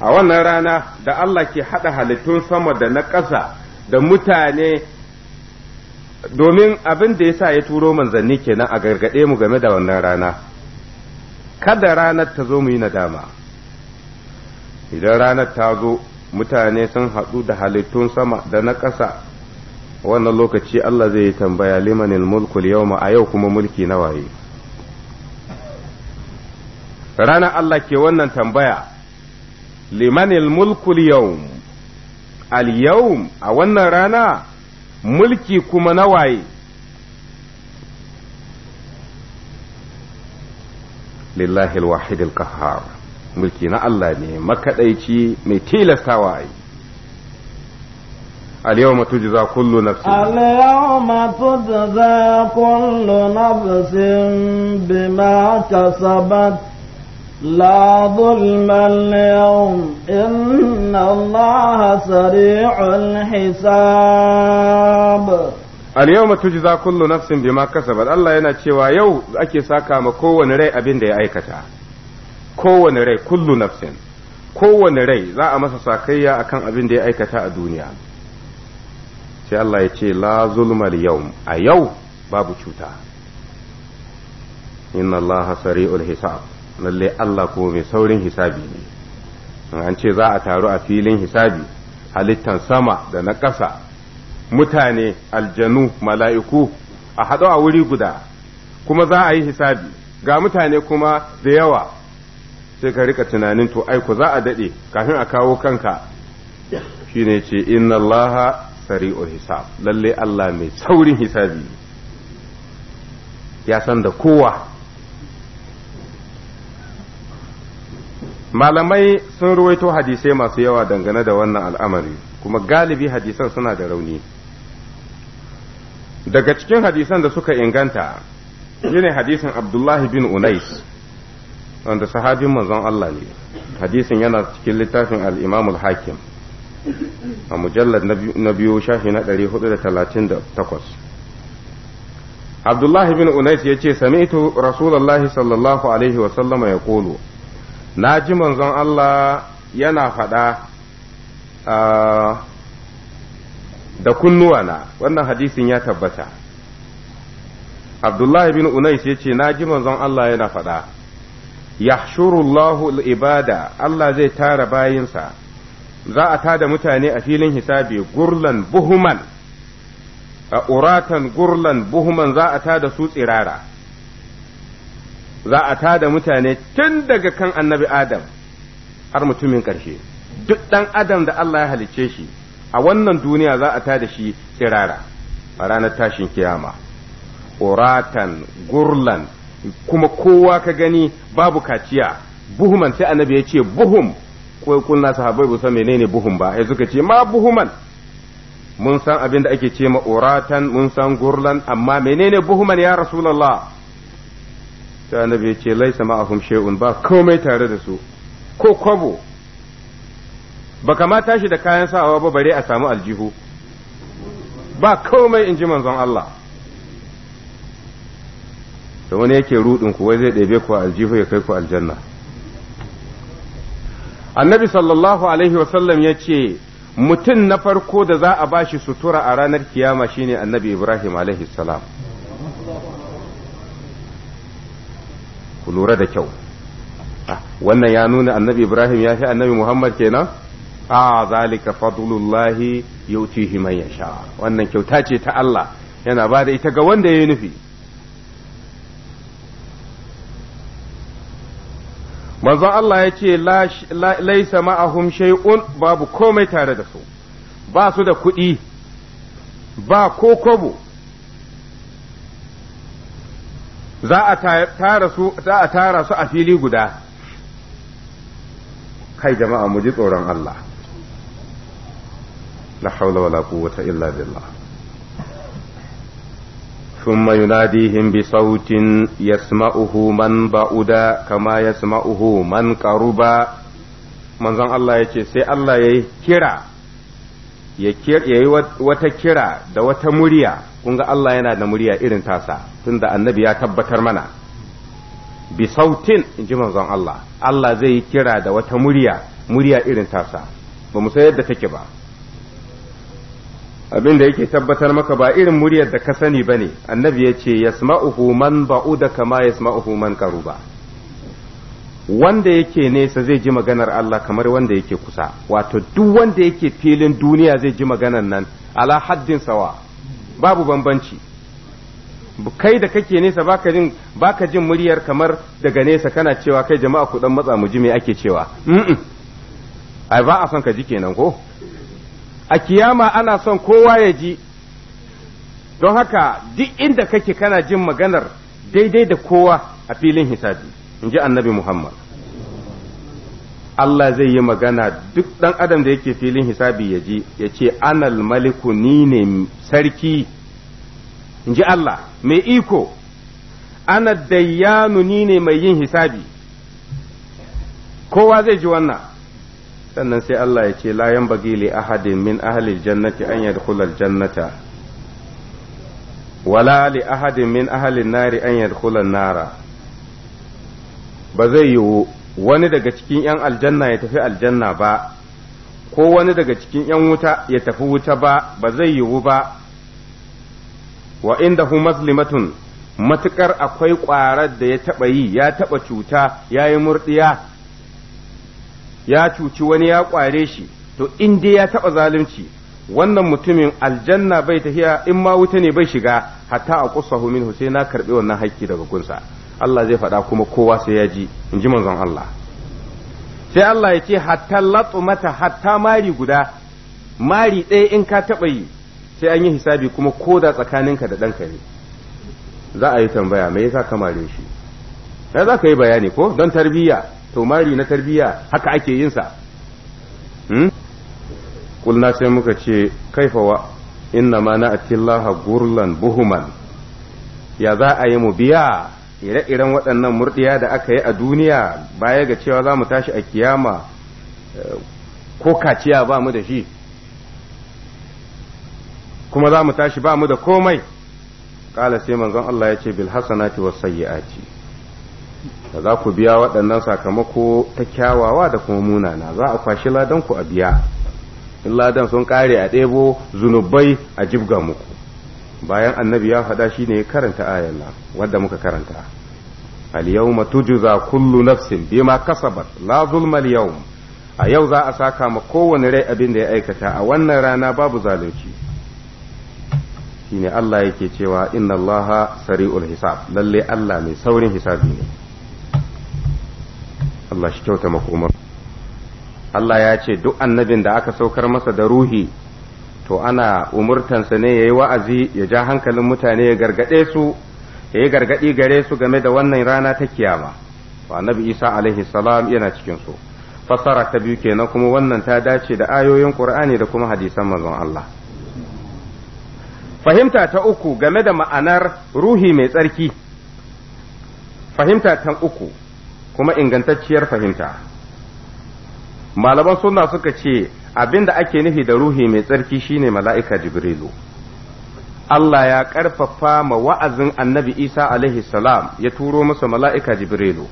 a wannan rana da Allah ke haɗa halittun sama da na ƙasa da mutane domin abin da ya sa ya turo manzanni kenan a gargaɗe mu game da wannan rana kada ranar ta zo mu yi nadama idan ranar ta zo mutane sun haɗu da halittun sama da na ƙasa wannan lokaci Allah zai yi tambaya limanin mulkul yau a yau kuma mulki na waye ranar Allah ke wannan tambaya limanin mulkul yau al a wannan rana mulki kuma na waye lillahi alwahid alqahhar mulki na Allah ne makadaici mai tilastawa ai اليوم تجزى كل نفس اليوم تجزى كل نفس بما كسبت لا ظلم اليوم إن الله سريع الحساب اليوم تجزى كل نفس بما كسبت الله yana cewa yau ake saka ma kowane rai abin ya aikata kowane rai kullu nafsin kowane rai za a masa sakayya akan abin da ya aikata a duniya sai Allah ya ce la zulmal yawm a yau babu cuta inna Allah sari'ul hisab lallai Allah kuma mai saurin hisabi ne an ce za a taru a filin hisabi halittan sama da na ƙasa mutane aljanu mala'iku a haɗu a wuri guda kuma za a yi hisabi ga mutane kuma da yawa sai ka rika tunanin to aiko za a daɗe kafin a kawo kanka shi ne ce inna allaha sari'ul hisab lalle Allah mai saurin hisabi ya san da kowa malamai sun ruwaito hadisai masu yawa dangane da wannan al'amari kuma galibi hadisan suna da rauni daga cikin hadisan da suka inganta shine hadisin abdullahi bin unais wanda sahabin manzon Allah ne hadisin yana cikin littafin al'imamul al-hakim a mujallar na biyu shafi na 438 abdullahi bin unais ya ce sami'tu rasulallahi sallallahu alaihi wasallama ya kolo na ji manzon Allah yana faɗa da kunnuwa na wannan hadisin ya tabbata abdullahi bin unais ya ce na ji manzon Allah yana faɗa al ibada Allah zai tara bayinsa za a tada mutane a filin hisabi gurlan buhuman a uratan gurlan buhuman za a tada su tsirara za a ta da mutane tun daga kan annabi adam har mutumin ƙarshe duk ɗan adam da Allah ya halicce shi a wannan duniya za a ta da shi tsirara a ranar tashin kiyama uratan gurlan kuma kowa ka gani babu kaciya buhuman sai annabi ya ce buhum ko kunna sahabbai ba san menene buhum ba yanzu suka ce ma buhuman mun san abin da ake ce ma uratan mun san gurlan amma menene buhuman ya rasulallah sai annabi ya ce laisa ma'ahum shay'un ba komai tare da su ko kwabo ba kamata shi da kayan sawa ba bare a samu aljihu ba komai in ji manzon Allah da wani yake rudin ku wai zai ɗebe ku aljihu ya kai ku aljanna annabi sallallahu alaihi wasallam ya ce mutum na farko da za a bashi sutura a ranar kiyama shine annabi ibrahim alaihi salam ku lura da kyau ah, wannan ya nuna annabi ibrahim ya fi annabi muhammad kenan a ah, zalika fadlullahi yutihi man yasha wannan kyauta ce ta Allah yana ba da ita ga wanda ya nufi manzo Allah ya ce laisa ma'ahum shay'un babu komai tare da su ba su da kuɗi ba ko kobo za a tara su za a tara su a fili guda kai jama'a mu ji tsoron Allah la haula wala quwwata illa billah ثم يناديهم بصوت يسمعه من بعد كما يسمعه قرب manzon Allah ya sai Allah ya kira ya yi wata kira da wata murya kunga Allah yana da murya irin tasa tunda annabi ya tabbatar mana bi sautin in ji manzon Allah Allah zai yi kira da wata murya murya irin tasa ba mu san yadda take ba abin da yake tabbatar maka ba irin muryar da ka sani ne annabi ya ce yasma'uhu man ba'uda kama yasma'uhu man ba. wanda yake nesa zai ji maganar Allah kamar wanda yake kusa wato duk wanda yake filin duniya zai ji maganar nan ala haddin sawa babu bambanci kai da kake nesa baka jin baka jin muryar kamar daga nesa kana cewa kai jama'a ku dan matsa mu ji me ake cewa ai ba a son ka ji kenan ko a kiyama ana son kowa ya ji don haka duk inda kake kana jin maganar daidai da kowa a filin hisabi in ji annabi Muhammad Allah zai yi magana duk ɗan adam da yake filin hisabi ya ji ya ce anal maliku ni ne sarki in ji Allah mai iko ana dayyanu ni ne mai yin hisabi kowa zai ji wannan sannan sai Allah ya ce layan bagi li ahadin min ahalil jannati an yadkhulal jannata wala li ahadin min ahalin nari an yadkhulan nara ba zai yiwu wani daga cikin 'yan aljanna ya tafi aljanna ba ko wani daga cikin 'yan wuta ya tafi wuta ba ba zai yiwu ba wa inda hu mazlimatun matukar akwai ƙwarar da ya taɓa yi ya taɓa cuta ya yi murɗiya ya cuci wani ya ƙware shi to in dai ya taɓa zalunci wannan mutumin aljanna bai tafiya in ma wuta ne bai shiga hatta a kusa min sai na karɓi wannan haƙƙi daga kunsa Allah zai faɗa kuma kowa sai ya ji in ji manzon Allah sai Allah ya ce hatta latsu mata hatta mari guda mari ɗaya in ka taɓa yi sai an yi hisabi kuma ko da tsakaninka da ɗanka ne za a yi tambaya me yasa ka mare shi ya za ka yi bayani ko don tarbiyya to mari na tarbiyya haka ake yin sa hmm? kulna sai muka ce kaifawa inna ma na atillaha gurlan buhuman ya za a yi mu biya ire-iren waɗannan murɗiya da aka yi a duniya baya ga cewa za mu tashi a kiyama eh, ko kaciya ba mu da shi kuma za mu tashi ba mu da komai ƙala sai manzon Allah ya ce bil hasanati was sayyi'ati da za ku biya waɗannan sakamako ta kyawawa da kuma munana za a kwashi ladan ku a biya in ladan sun ƙare a ɗebo zunubai a jibga muku bayan annabi ya faɗa shi ne ya karanta ayan nan wadda muka karanta al-yawma tujza kullu nafsin bima kasabat la zulma al-yawm a yau za a saka ma kowane rai abin da ya aikata a wannan rana babu zalunci shine Allah yake cewa inna Allaha sari'ul hisab lalle Allah mai saurin hisabi ne Allah shi kyauta makomar Allah ya ce duk annabin da aka saukar masa da ruhi to ana umurtansa ne ya yi wa'azi ya ja hankalin mutane ya gargaɗe su ya yi gargaɗi gare su game da wannan rana ta kiyama wa annabi isa alaihi salam yana cikin su fassara ta biyu kenan kuma wannan ta dace da ayoyin qur'ani da kuma hadisan manzon Allah fahimta ta uku game da ma'anar ruhi mai tsarki fahimta ta uku kuma ingantacciyar fahimta malaman suna suka ce Abin da ake nufi da ruhi mai tsarki shine mala'ika jibrilu Allah ya ƙarfafa ma wa'azin annabi Isa alaihi salam ya turo masa mala'ika jibrilu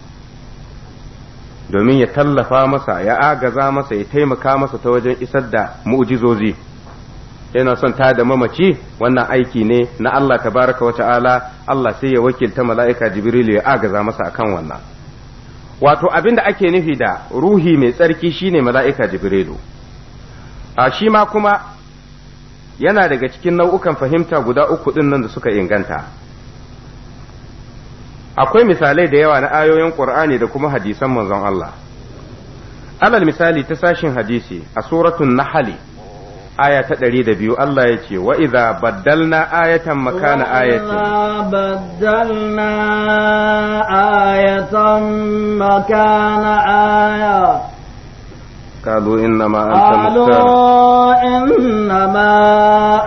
domin ya tallafa masa ya agaza masa ya taimaka masa ta wajen isar da mu'ujizozi. yana son ta da mamaci wannan aiki ne na Allah tabaraka wata ala Allah sai ya wakilta mala'ika jibrilu ya agaza masa akan wannan wato abin da ake nufi da ruhi mai tsarki shine mala'ika jibrilu a shi ma kuma yana daga cikin nau'ukan fahimta guda uku ɗin nan da suka inganta akwai misalai da yawa na ayoyin ƙur'ani da kuma hadisan manzon Allah alal misali ta sashin hadisi a suratun nahali aya ta ɗari da biyu Allah ya ce wa iza baddalna ayatan makana ayatin baddalna ayatan makana aya قالوا إنما أنت مفتر قالوا إنما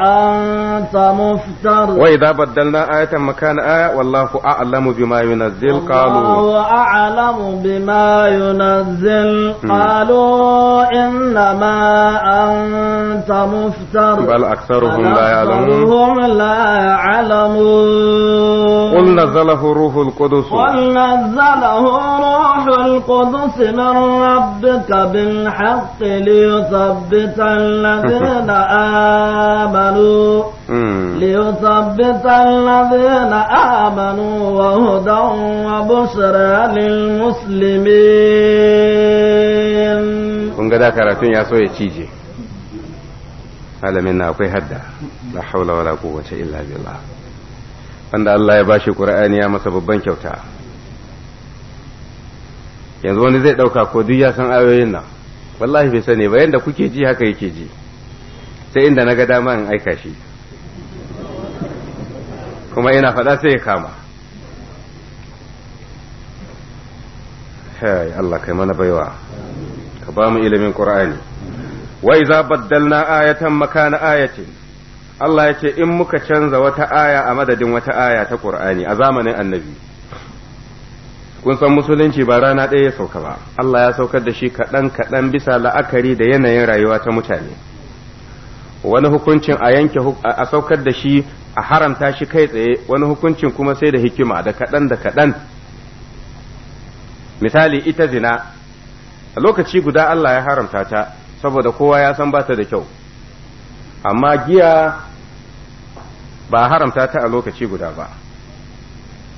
أنت مفتر وإذا بدلنا آية مكان آية والله أعلم بما ينزل قالوا الله أعلم بما ينزل قالوا إنما أنت مفتر بل أكثرهم لا يعلمون لا يعلمون قل نزله روح القدس قل نزله روح القدس من ربك بالحق بالحق ليثبت الذين آمنوا ليثبت الذين آمنوا وهدى وبشرى للمسلمين kun ga da karatun ya so ya cije alamin na akwai hadda la haula wala quwwata illa billah wanda Allah ya bashi Qur'ani ya masa babban kyauta yanzu wani zai ɗauka ko duk ya san ayoyin nan wallahi bai sani ba yanda kuke ji haka yake ji sai inda na dama in aika shi kuma ina faɗa sai ya kama hai Allah kai mana baiwa ka ba mu ilimin qur'ani wa iza baddalna ayatan makana ayatin Allah ya ce in muka canza wata aya a madadin wata aya ta qur'ani a zamanin annabi kun san musulunci ba rana ɗaya ya sauka ba Allah ya saukar da shi kaɗan kaɗan bisa la'akari da yanayin rayuwa ta mutane wani hukuncin a yanke a saukar da shi a haramta shi kai tsaye wani hukuncin kuma sai da hikima da kaɗan da kaɗan misali ita zina a lokaci guda Allah ya haramta ta saboda kowa ya san ba ta da kyau amma giya ba haramta ta a lokaci guda ba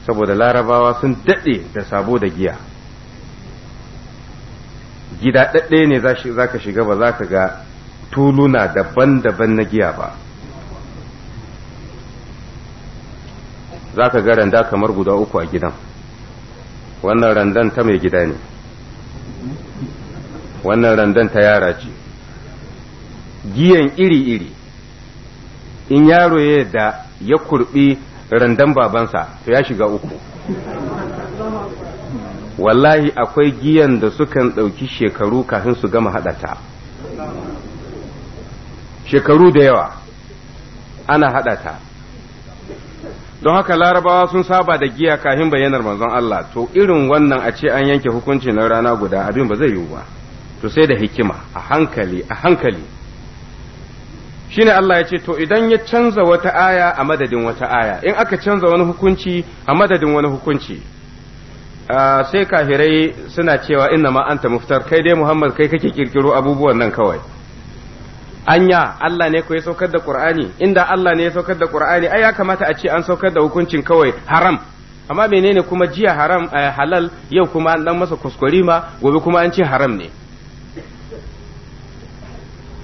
saboda larabawa sun daɗe da sabo da giya gida ɗaɗɗe ne za ka shiga ba za ka ga tuluna daban-daban na giya ba za ka ga randa kamar guda uku a gidan wannan randan ta mai gida ne wannan randan ta yara ce giyan iri-iri in yaro ya da ya kurbi randan babansa to ya shiga uku wallahi akwai giyan da sukan ɗauki shekaru kafin su gama haɗata shekaru da yawa ana haɗata don haka larabawa sun saba da giya kafin bayyanar manzon Allah to irin wannan a ce an yanke hukunci na rana guda abin ba zai yiwu ba to sai da hikima a hankali a hankali shine Allah ya ce to idan ya canza wata aya a madadin wata aya in aka canza wani hukunci a madadin wani hukunci ah, sai kafirai suna cewa inna ma anta muftar kai dai Muhammad kai kake kirkiro abubuwan nan kawai anya Allah ne ko ya saukar da Qur'ani inda Allah ne ya saukar da Qur'ani ai ya kamata a ce an saukar da hukuncin kawai haram amma menene kuma jiya haram eh, halal yau kuma an dan masa kuskure ma gobe kuma an ce haram ne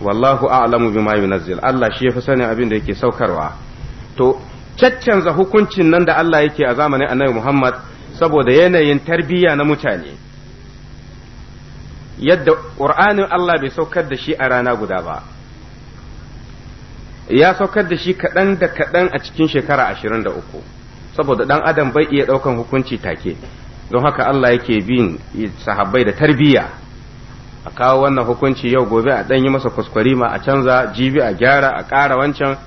wallahu a'lamu bima yunazzil Allah shi yafi sanin abin da yake saukarwa to caccanza hukuncin nan da Allah yake a zamanin Annabi Muhammad saboda yanayin tarbiyya na mutane yadda ƙur'anin Allah bai saukar da shi a rana guda ba ya saukar da shi kaɗan da kaɗan a cikin shekara ashirin da uku saboda ɗan adam bai iya ɗaukan hukunci take don haka Allah yake bin sahabbai da tarbiyya a kawo wannan hukunci yau gobe a ɗanyi yi masa ma a canza jibi a gyara a ƙara wancan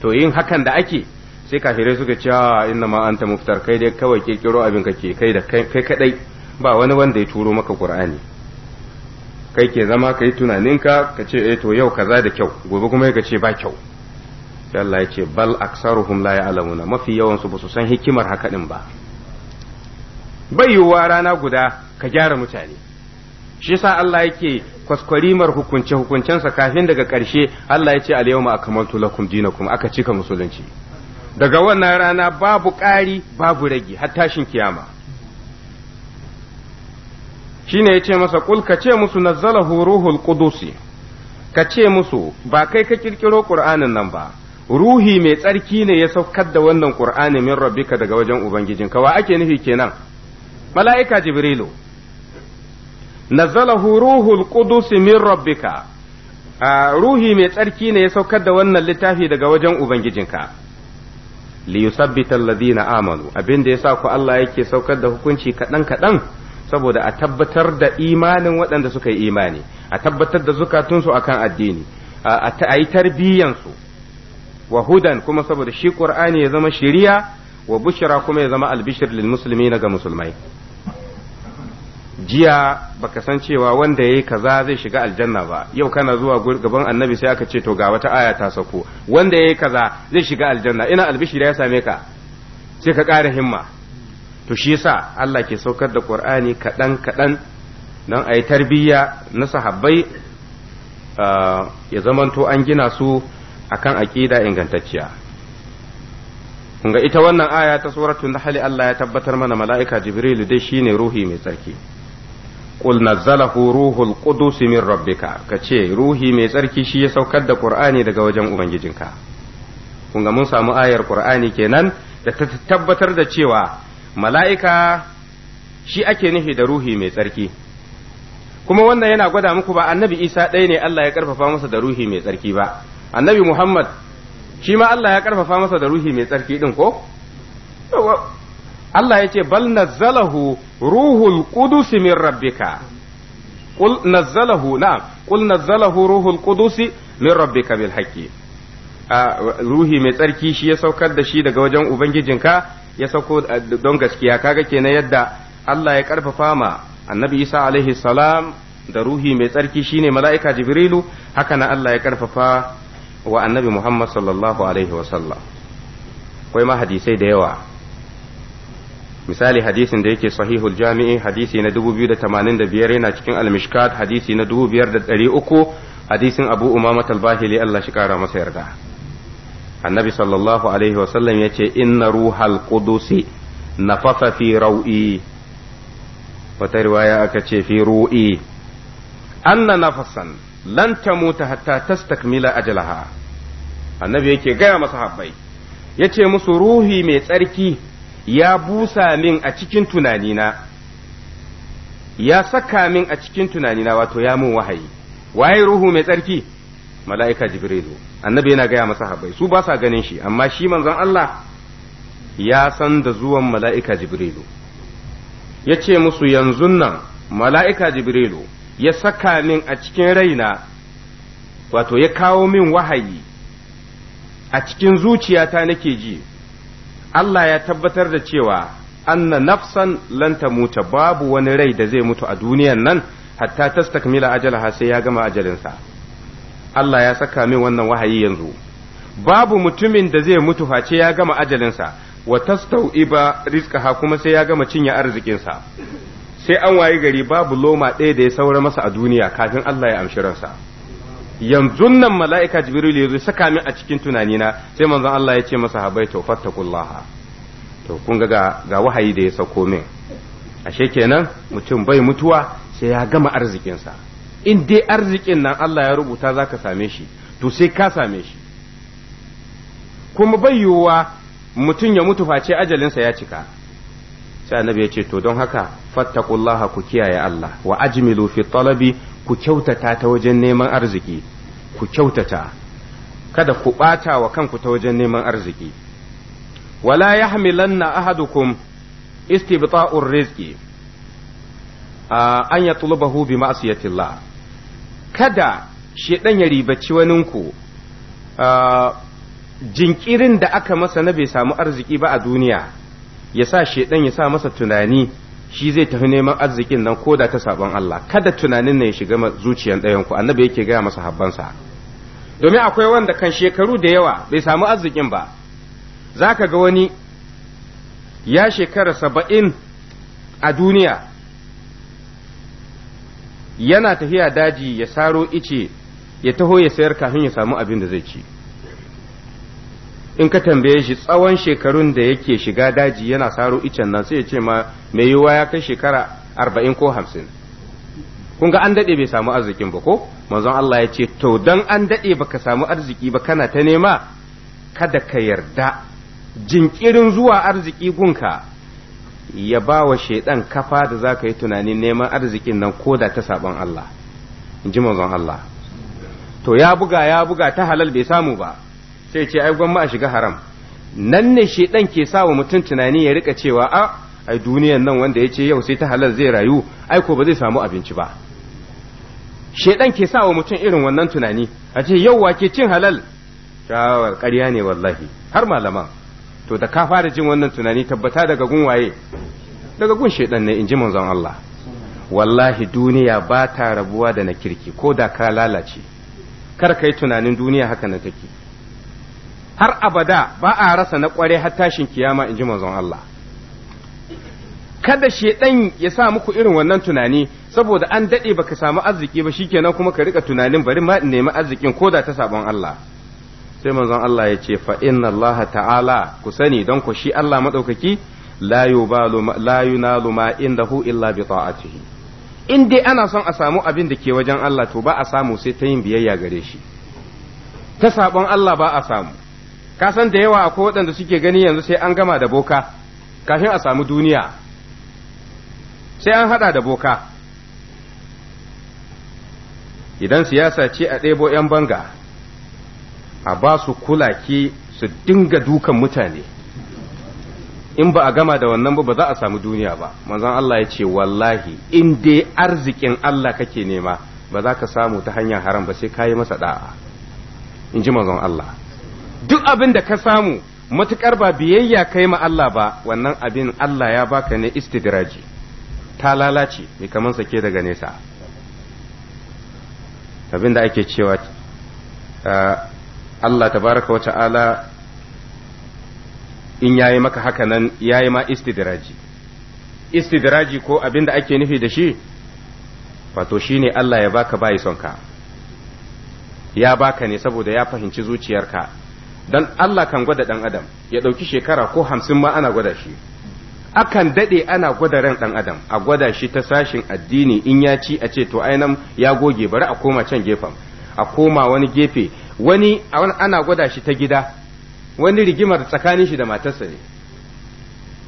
to yin hakan da ake sai kafirai suka ce ah, inna ma anta muftar kai dai kawai kirkiro abin ka ke kai da kai kaɗai ba wani wanda ya turo maka qur'ani kai ke zama kai tunaninka ka ce eh to yau kaza da kyau gobe kuma ka ce ba kyau sai ya ce bal aksaruhum la ya'lamuna mafi yawan su basu san hikimar haka din ba bai yiwuwa rana guda ka gyara mutane shi yasa Allah yake kwaskwarimar hukunce hukuncensa kafin daga ƙarshe Allah ya ce al kamar akmaltu lakum dinakum aka cika musulunci daga wannan rana babu ƙari babu ragi har tashin kiyama shine ya ce masa kul ka ce musu nazzalahu ruhul ƙudusi ka ce musu ba kai ka ƙirƙiro qur'anin nan ba ruhi mai tsarki ne ya saukar da wannan qur'ani min rabbika daga wajen ubangijinka wa ake nufi kenan mala'ika jibrilu nazalahu ruhul qudus min rabbika ruhi mai tsarki ne ya saukar da wannan littafi daga wajen ubangijinka li yusabbita alladhina amanu abinda yasa ku Allah yake saukar da hukunci kadan kadan saboda a tabbatar da imanin waɗanda suka yi imani a tabbatar da zukatunsu akan addini a yi su wa hudan kuma saboda shi qur'ani ya zama shiriya wa bushra kuma ya zama albishir lil muslimina ga musulmai jiya baka san cewa wanda yayi kaza zai shiga aljanna ba yau kana zuwa gaban annabi sai aka ce to ga wata aya ta sako wanda yayi kaza zai shiga aljanna ina albishira ya same ka sai ka ƙara himma to shi yasa Allah ke saukar da Qur'ani kaɗan kaɗan don a yi tarbiyya na sahabbai ya zamanto an gina su akan aƙida ingantacciya ga ita wannan aya ta suratul nahl Allah ya tabbatar mana mala'ika Jibril dai shine ruhi mai tsarki qul nazzalahu ruhul qudus min rabbika kace ruhi mai tsarki shi ya saukar da qur'ani daga wajen ubangijinka kun ga mun samu ayar qur'ani kenan da ta tabbatar da cewa mala'ika shi ake nufi da ruhi mai tsarki kuma wannan yana gwada muku ba annabi isa ɗaya ne Allah ya karfafa masa da ruhi mai tsarki ba annabi muhammad shi ma Allah ya karfafa masa da ruhi mai tsarki din ko Allah ya ce bal nazzalahu ruhul qudus min rabbika qul nazzalahu na'am qul nazzalahu ruhul qudus min rabbika bil haqqi ruhi mai tsarki shi ya saukar da shi daga wajen ubangijinka ya sauko don gaskiya kaga kenan yadda Allah ya karfafa ma annabi Isa alaihi salam da ruhi mai tsarki shine mala'ika jibrilu haka na Allah ya karfafa wa annabi Muhammad sallallahu alaihi wasallam akwai ma hadisai da yawa misali hadisin da yake sahihul jami'i hadisi na 2085 yana cikin al-mishkat hadisi na 2300 hadisin abu umama talbahili Allah shi kara masa yarda annabi sallallahu alaihi wasallam ya ce inna ruhal qudusi nafafa fi rau'i wata riwaya aka ce fi ru'i anna nafasan lan tamuta hatta tastakmila ajalaha annabi yake gaya masa habbai yace musu ruhi mai tsarki ya busa min a cikin tunanina ya saka min a cikin tunanina wato ya mun wahayi waye ruhu mai tsarki mala'ika jibrilu annabi yana gaya masa habai su ba sa ganin shi amma shi manzon Allah ya san da zuwan mala'ika jibrilu ya ce musu yanzu nan mala'ika jibrilu ya saka min a cikin raina wato ya kawo min wahayi a cikin zuciyata nake ji Allah ya tabbatar da cewa anna nafsan lan tamuta babu wani rai da zai mutu a duniyan nan hatta tastakmila ajalaha sai ya gama ajalinsa Allah ya saka min wannan wahayi yanzu babu mutumin da zai mutu face ya gama ajalinsa wa tastau'iba ha kuma sai ya gama cinye arzikinsa sai an wayi gari babu loma ɗaya da ya saura masa a duniya kafin Allah ya amshi ransa yanzu nan mala'ika jibril ya zo saka min a cikin tunanina sai manzon Allah ya ce masa habai to fattakullaha to kun ga ga wahayi da ya sauko min ashe kenan mutum bai mutuwa sai ya gama arzikinsa in dai arzikin nan Allah ya rubuta za ka same shi to sai ka same shi kuma bai yiwuwa mutum ya mutu face ajalinsa ya cika sai annabi ya ce to don haka fattakullaha ku kiyaye Allah wa ajmilu fi talabi ku kyautata ta wajen neman arziki ku kyautata kada ku ɓata wa kanku ta wajen neman arziki wala yahmilanna ahadukum istibta'ur rizqi an tulubahu bi ma'siyatillah kada dan ya ribaci waninku jinkirin da aka masa na bai samu arziki ba a duniya yasa sa shedan ya sa masa tunani shi zai tafi neman arzikin nan ko da ta sabon Allah kada tunanin na ya shiga zuciyan ɗayan ku annabi yake gaya masa habbansa domin akwai wanda kan shekaru da yawa bai samu arzikin ba za ka ga wani ya shekara saba'in a duniya yana tafiya daji ya saro ice ya taho ya sayar kafin ya samu abin da zai ci in ka tambaye shi tsawon shekarun da yake shiga daji yana saro icen nan sai ya ce ma mai yiwuwa ya kai shekara arba'in ko hamsin kun ga an daɗe bai samu arzikin ba ko manzon Allah ya ce to dan an daɗe baka samu arziki ba kana ta nema kada ka yarda jinkirin zuwa arziki gunka ya ba wa shaidan kafa da za ka yi tunanin neman arzikin nan ko da ta saban Allah in ji manzon Allah to ya buga ya buga ta halal bai samu ba sai ce ai gwamma a shiga haram nan ne shedan ke sa wa mutum tunani ya rika cewa a ai duniyan nan wanda ya ce yau sai ta halal zai rayu ai ko ba zai samu abinci ba shedan ke sa wa mutum irin wannan tunani a ce yau wake cin halal shawar ƙarya ne wallahi har malaman to da ka fara jin wannan tunani tabbata daga gunwaye daga gun shedan ne in ji manzon Allah wallahi duniya ba ta rabuwa da na kirki ko da ka lalace kar kai tunanin duniya haka na take har abada ba a rasa na kware har tashin kiyama in ji manzon Allah kada shedan ya sa muku irin wannan tunani saboda an dade baka samu arziki ba shikenan kuma ka rika tunanin bari ma in nemi arzikin koda ta sabon Allah sai manzon Allah ya ce fa inna Allah ta'ala ku sani don ku shi Allah madaukaki la yubalu la yunalu ma indahu illa bi ta'atihi in dai ana son a samu abin da ke wajen Allah to ba a samu sai ta yin biyayya gare shi ta sabon Allah ba a samu ka san da yawa akwai waɗanda suke gani yanzu sai an gama da boka kafin a samu duniya sai an haɗa da boka idan siyasa ce a ɗebo 'yan banga a ba su kulaki su dinga dukan mutane in ba a gama da wannan ba za a samu duniya ba manzon Allah ya ce wallahi in dai arzikin Allah kake nema ba za ka samu ta hanyar haram ba sai ka yi masa da'a in ji manzon Allah duk abin da ka samu matuƙar ba biyayya kai ma Allah ba wannan abin Allah ya baka ne istidraji ta lalace mai kaman sake daga nesa abin da ake cewa Allah tabaraka wa ta'ala in yayi maka haka nan yayi ma istidraji istidraji ko abin da ake nufi da shi wato shine Allah ya baka bayi sonka ya baka ne saboda ya fahimci zuciyarka dan Allah kan gwada dan adam ya ɗauki shekara ko hamsin ma ana gwada shi akan daɗe ana gwada ran ɗan adam a gwada shi ta sashin addini in ya ci a ce to ainihin ya goge bari a koma can gefen a koma wani gefe wani ana gwada shi ta gida wani rigimar tsakanin shi da matarsa ne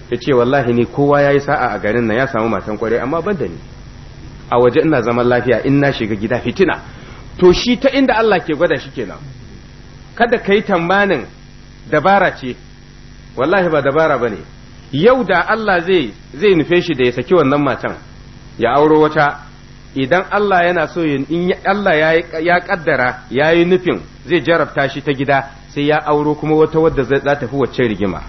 ya ce wallahi ni kowa ya yi sa'a a garin nan ya samu matan kwarai amma ban da ni a waje ina zaman lafiya in na shiga gida fitina to shi ta inda Allah ke gwada shi kenan kada ka yi tambanin dabara ce wallahi ba dabara ba ne yau da Allah zai zai nufe shi da ya saki wannan matan ya auro wata idan Allah yana so in Allah ya kaddara ya yi nufin zai jarabta shi ta gida sai ya auro kuma wata wadda za ta fi wacce rigima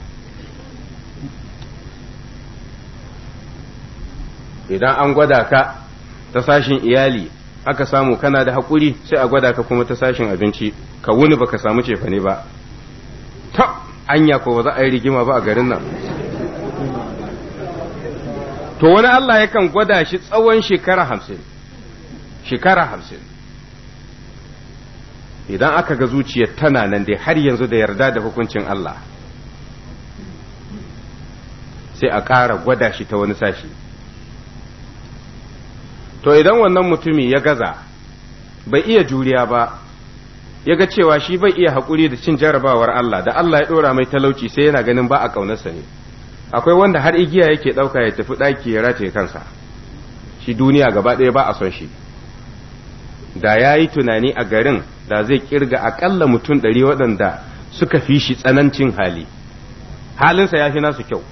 idan an gwada ka ta sashin iyali aka samu kana da hakuri sai a gwada ka kuma ta sashin abinci ka wuni baka samu cefane ba ta anya ko ba za a yi rigima ba a garin nan to wani Allah yakan gwada shi tsawon shekara hamsin shekara hamsin idan aka ga zuciyar tana nan dai har yanzu da yarda da hukuncin Allah sai a ƙara gwada shi ta wani sashi to idan wannan mutumi ya gaza bai iya juriya ba ya ga cewa shi bai iya haƙuri da cin jarabawar Allah da Allah ya ɗora mai talauci sai yana ganin ba a ƙaunarsa ne akwai wanda har igiya yake ɗauka ya tafi ɗaki ya rataye kansa shi duniya gaba ɗaya ba a son shi da ya yi tunani a garin da zai ƙirga aƙalla mutum ɗari waɗanda suka fi shi tsanancin hali halinsa ya fi nasu kyau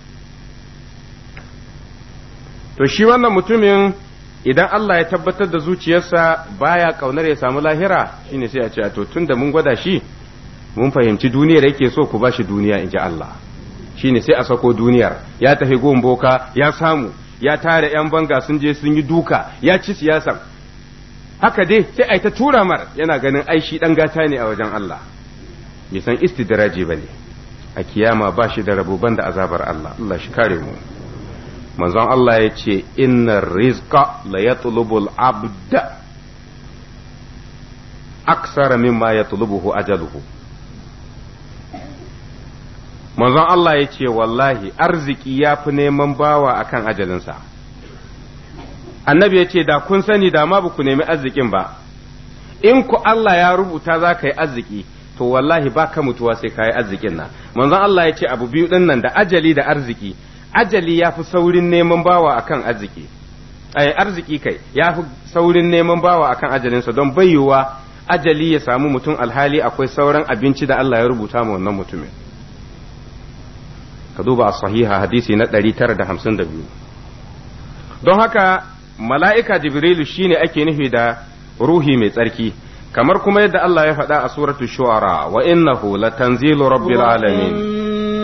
to shi wannan mutumin idan Allah ya tabbatar da zuciyarsa baya kaunar ya samu lahira shine sai a ce to tunda mun gwada shi mun fahimci duniyar yake so ku bashi duniya in ji Allah shine sai a sako duniyar ya tafi gomboka ya samu ya tare yan banga sun je sun yi duka ya ci siyasan haka dai sai a ta tura mar yana ganin ai shi dan gata ne a wajen Allah bai san istidraji bane a kiyama ba shi da rabuban da azabar Allah Allah shi kare mu manzon Allah ya ce inna rizqa la yatlubul abda aksara mimma yatlubuhu ajaluhu manzon Allah ya ce wallahi arziki ya neman bawa akan ajalinsa annabi ya ce da kun sani da ma ba ku nemi arzikin ba in ku Allah ya rubuta za ka yi arziki to wallahi ba ka mutuwa sai ka yi arzikin nan manzon Allah ya ce abu biyu ɗin nan da ajali da arziki ajali ya fi saurin neman bawa kan arziki ai arziki kai ya fi saurin neman bawa akan ajalinsa don bayyuwa ajali ya samu mutum alhali akwai sauran abinci da Allah ya rubuta ma wannan mutumin ka duba a sahiha hadisi na 952 don haka mala'ika jibrilu shine ake nufi da ruhi mai tsarki kamar kuma yadda Allah ya faɗa a suratu shu'ara wa innahu latanzilu rabbil alamin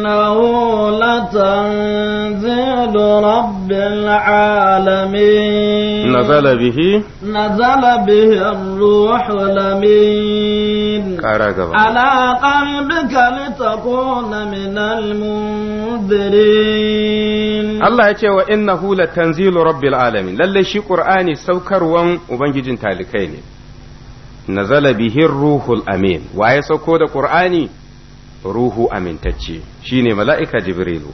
إنه لتنزيل رب العالمين نزل به نزل به الروح الأمين على قلبك لتكون من المنذرين الله يتشي وإنه لتنزيل رب العالمين للي شي قرآني سوكر وان وبنجي تالكيني nazala bihin ruhul amin waye sauko da qur'ani ruhu amintacce shine mala'ika jibrilu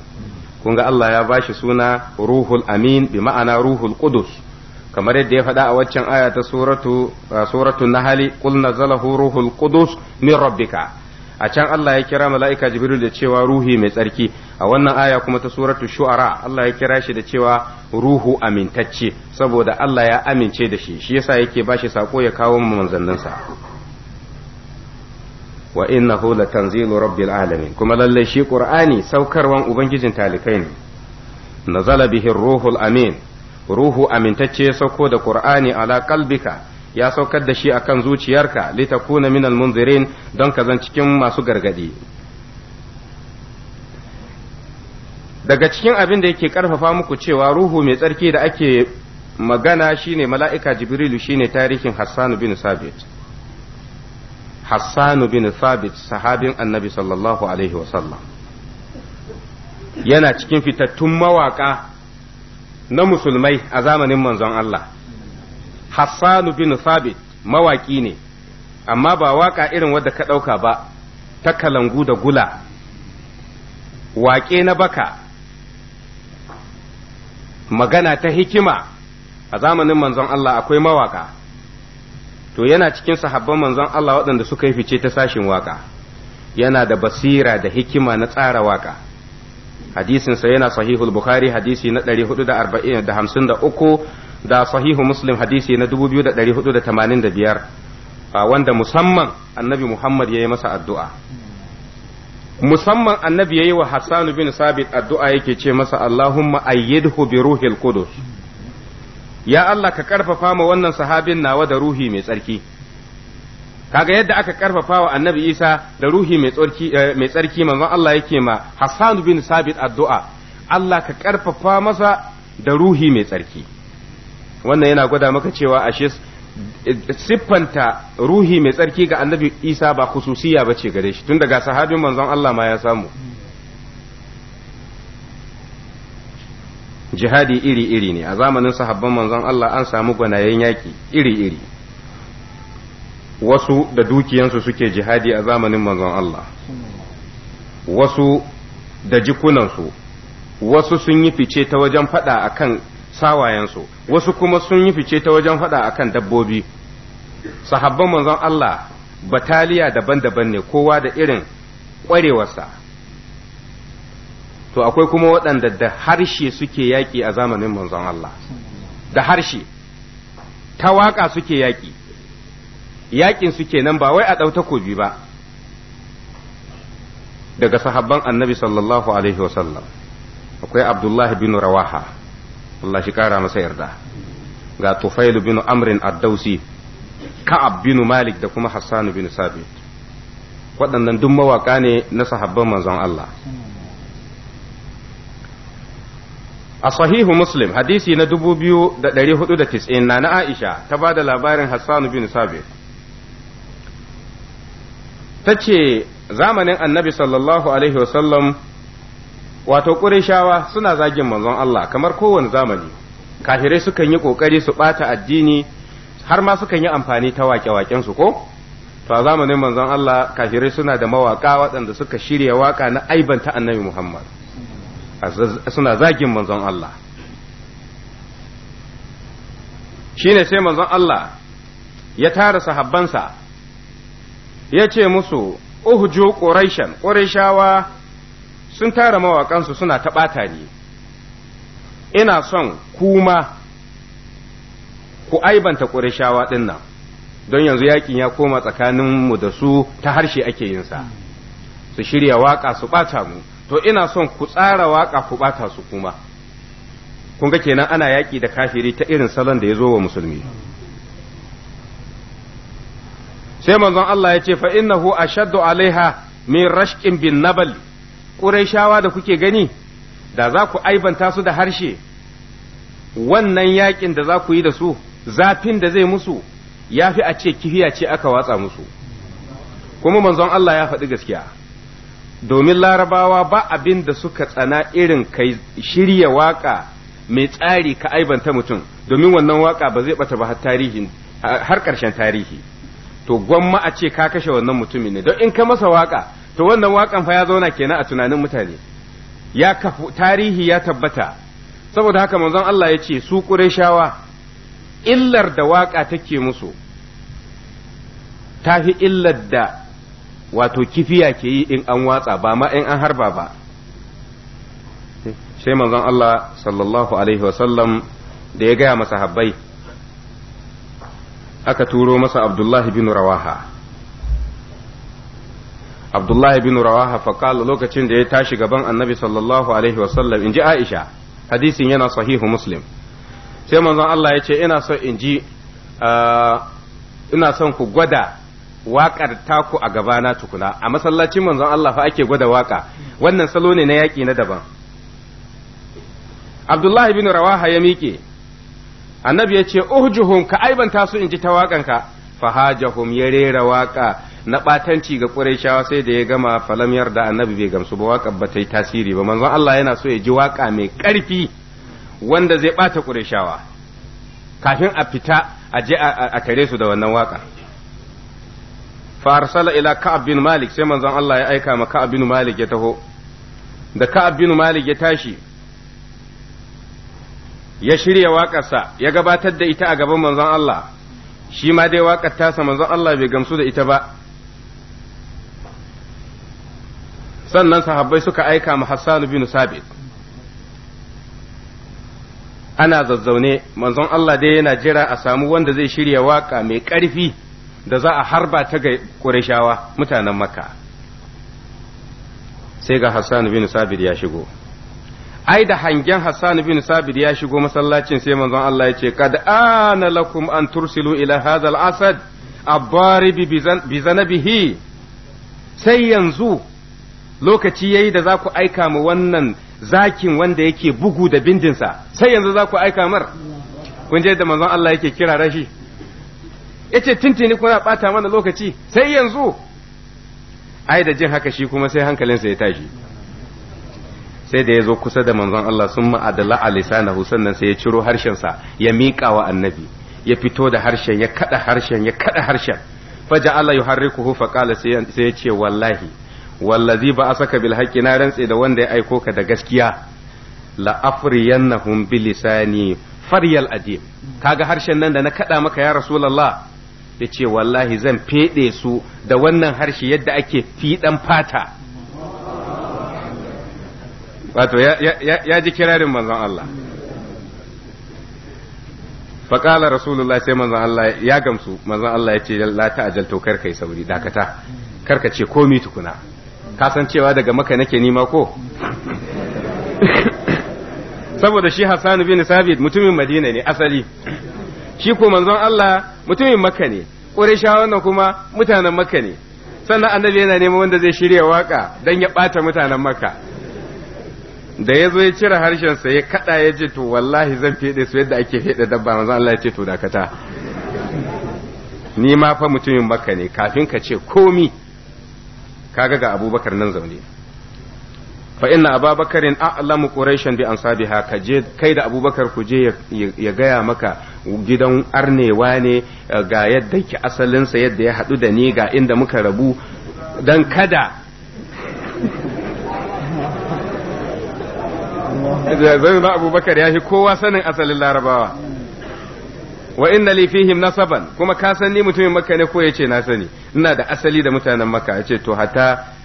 kun ga Allah ya bashi suna ruhul amin bi ma'ana ruhul qudus kamar yadda ya faɗa a waccan aya ta suratu suratu nahli qul nazalahu ruhul qudus min rabbika a can Allah ya kira mala'ika Jibril da cewa ruhi mai tsarki a wannan aya kuma ta suratu shu'ara Allah ya kira shi da cewa ruhu amintacce saboda Allah ya amince da shi shi yasa yake shi sako ya kawo manzanninsa wa innahu tanzilu rabbil alamin kuma lalle shi qur'ani saukarwan ubangijin talikai ne nazala bihi ruhul amin ruhu amintacce sauko da qur'ani ala qalbika ya saukar da shi akan zuciyarka litakuna al munzirin don ka zan cikin masu gargadi daga cikin abin da yake karfafa muku cewa ruhu mai tsarki da ake magana shine mala'ika jibrilu shine tarihin hassan bin sabit Hassanu bin صحابي sahabin annabi sallallahu عليه وسلم yana cikin fitattun mawaƙa na musulmai a zamanin manzon Allah. Hassanu bin Thabit mawaƙi ne, amma ba waƙa irin wadda ka ɗauka ba, ta kalangu da gula, waƙe na baka, magana ta hikima a zamanin manzon Allah akwai mawaƙa. to yana cikin sahabban manzon Allah waɗanda suka yi fice ta sashin waka yana da basira da hikima na tsara waka hadisinsa yana sahihul bukhari hadisi na 453 da sahihu muslim hadisi na 2485 wanda musamman annabi muhammad ya yi masa addu'a musamman annabi ya yi wa hassanu bin sabit addu'a yake ce masa allahumma ayyidhu bi ruhil qudus ya Allah ka karfafa ma wannan sahabin nawa da ruhi mai tsarki kaga yadda aka karfafa wa annabi isa da ruhi eh, mai tsarki manzon Allah yake ma hassan bin sabit addu'a Allah ka karfafa masa da ruhi mai tsarki wannan yana gwada maka cewa ashe eh, siffanta ruhi mai tsarki ga annabi isa ba ba ce gare shi tun daga sahabin manzon Allah ma ya samu jihadi iri-iri ne a zamanin sahabban manzon Allah an samu gwanayen yaki iri-iri wasu da dukiyansu suke jihadi a zamanin manzon Allah wasu da jikunansu wasu sun yi fice ta wajen fada akan sawayensu wasu kuma sun yi fice ta wajen fada akan dabbobi sahabban manzon Allah bataliya daban-daban ne kowa da irin ƙwarewarsa to akwai kuma waɗanda da harshe suke yaƙi a zamanin manzon Allah da harshe ta waƙa suke yaƙi yaƙin suke nan ba wai a ɗau takobi ba daga sahabban annabi sallallahu alaihi wasallam akwai abdullahi bin rawaha Allah shi ƙara masa yarda ga tufailu bin amrin addausi ka'ab bin malik da kuma hassanu bin sabit waɗannan duk mawaƙa ne na sahabban manzon Allah a sahihu muslim hadisi na 2490 na na aisha ta ba da labarin hassanu bin sabi ta ce zamanin annabi sallallahu alaihi wasallam wato ƙurishawa suna zagin manzon Allah kamar kowane zamani kafirai sukan yi ƙoƙari su ɓata addini har ma sukan yi amfani ta waƙe waƙensu ko to a zamanin manzon Allah kafirai suna da mawaƙa waɗanda suka shirya waƙa na aibanta annabi Muhammad suna zagin manzon Allah Shi ne sai manzon Allah ya tara sahabbansa ya ce musu jo ƙorashen ƙorashawa sun tara mawaƙansu suna ta ɓata ne. ina son kuma ku aibanta ƙorashawa ɗin nan don yanzu yaƙin ya koma tsakaninmu da su ta harshe ake yinsa su shirya waƙa su ɓata mu to ina son ku tsara waƙa ku bata su kuma kun ga kenan ana yaƙi da kafiri ta irin salon da ya zo wa musulmi sai manzon Allah ya ce fa innahu ashaddu alaiha min rashqin bin nabal qurayshawa da kuke gani da za ku aibanta su da harshe wannan yaƙin da za ku yi da su zafin da zai musu ya fi a ce kifiya ce aka watsa musu kuma manzon Allah ya faɗi gaskiya domin larabawa ba abin da suka tsana irin kai shirya waka mai tsari ka aibanta mutum domin wannan waka ba zai bata ba har karshen tarihi to gwamma a ce ka kashe wannan mutumin ne don in ka masa waka to wannan wakan fa ya zauna kenan a tunanin mutane ya kafu tarihi ya tabbata saboda haka manzon Allah ya ce su Qurayshawa illar da waka take musu ta fi illar da wato kifiya ke yi in an watsa ba ma in an harba ba sai manzon Allah sallallahu alaihi wasallam da ya gaya masa habbai aka turo masa abdullahi bin rawaha abdullahi bin rawaha faƙala lokacin da ya tashi gaban annabi sallallahu alaihi wasallam in ji aisha hadisin yana sahihu muslim sai manzon Allah ya ce ina so in ji ah, ina son ku gwada waƙar taku a gabana tukuna a masallacin manzon Allah fa ake gwada waƙa wannan salo ne na yaƙi na daban Abdullahi bin Rawaha ya miƙe annabi ya ce uhjuhum ka aibanta su in ji ta waƙanka fahajahum ya rera waƙa na ɓatanci ga Qurayshawa sai da ya gama falam yarda annabi bai gamsu ba waƙar ba ta yi tasiri ba manzon Allah yana so ya ji waƙa mai ƙarfi wanda zai ɓata Qurayshawa kafin a fita a je a tare su da wannan waƙa fa arsala ila ka'ab bin malik sai manzon Allah ya aika ma ka'ab bin malik ya taho da ka'ab bin malik ya tashi ya shirya waƙarsa ya gabatar da ita a gaban manzon Allah shi ma dai waƙar tasa manzon Allah bai gamsu da ita ba sannan sahabbai suka aika ma Hassan bin Sabit ana zazzaune manzon Allah dai yana jira a samu wanda zai shirya waƙa mai ƙarfi da za a harba ta ga ƙurashawa mutanen makka sai ga hassan bin sabir ya shigo ai da hangen hassan bin sabir ya shigo masallacin sai manzon Allah ya ce kad ana lakum an tursilu ila hadha al-asad abaribi bi zanabihi sai yanzu lokaci yayi da za ku aika mu wannan zakin wanda yake bugu da bindinsa sai yanzu za ku aika mar kun je da manzon Allah yake kira rashi yace tintini kuna bata mana lokaci sai yanzu ai da jin haka shi kuma sai hankalinsa ya tashi sai da ya zo kusa da manzon Allah sun ma'adala a lisanahu sannan sai ya ciro sa ya miƙa wa annabi ya fito da harshen ya kada harshen ya kada harshen faja Allah ya harrikuhu fa qala sai ya ce wallahi wallazi ba saka bil haqqi na rantse da wanda ya aiko ka da gaskiya la afriyannahum bi lisani faryal adib kaga harshen nan da na kada maka ya rasulullah ya ce wallahi zan feɗe su da wannan harshe yadda ake fiɗan fata wato ya ji kirarin manzon Allah faƙala rasulullah sai manzon Allah ya gamsu manzon Allah ya ce la ta'ajal to kar kai sauri dakata kar ka ce komi tukuna ka san cewa daga maka nake nima ko saboda shi Hassan bin Sabit mutumin Madina ne asali shi ko manzon Allah mutumin makka ne ƙurishawan wannan kuma mutanen makka ne sannan annabi yana neman wanda zai shirya waka don ya ɓata mutanen makka da ya zo ya cire harshensa ya kaɗa ya ce to wallahi zan feɗe su yadda ake feɗe dabba manzon Allah ya ce to dakata ni ma fa mutumin makka ne kafin ka ce komi kaga ga abubakar nan zaune fa inna ababakarin a'lamu quraishan bi ansabiha ka je kai da abubakar ku je ya gaya maka gidan arnewa ne eh, ga yadda ki asalinsa yadda ya haɗu da ni ga inda muka rabu dan kada zai abubakar ya shi kowa sanin asalin larabawa wa inna li fihim nasaban kuma ka san ni mutumin makka ne ko yace na sani ina da asali da mutanen makka yace to hatta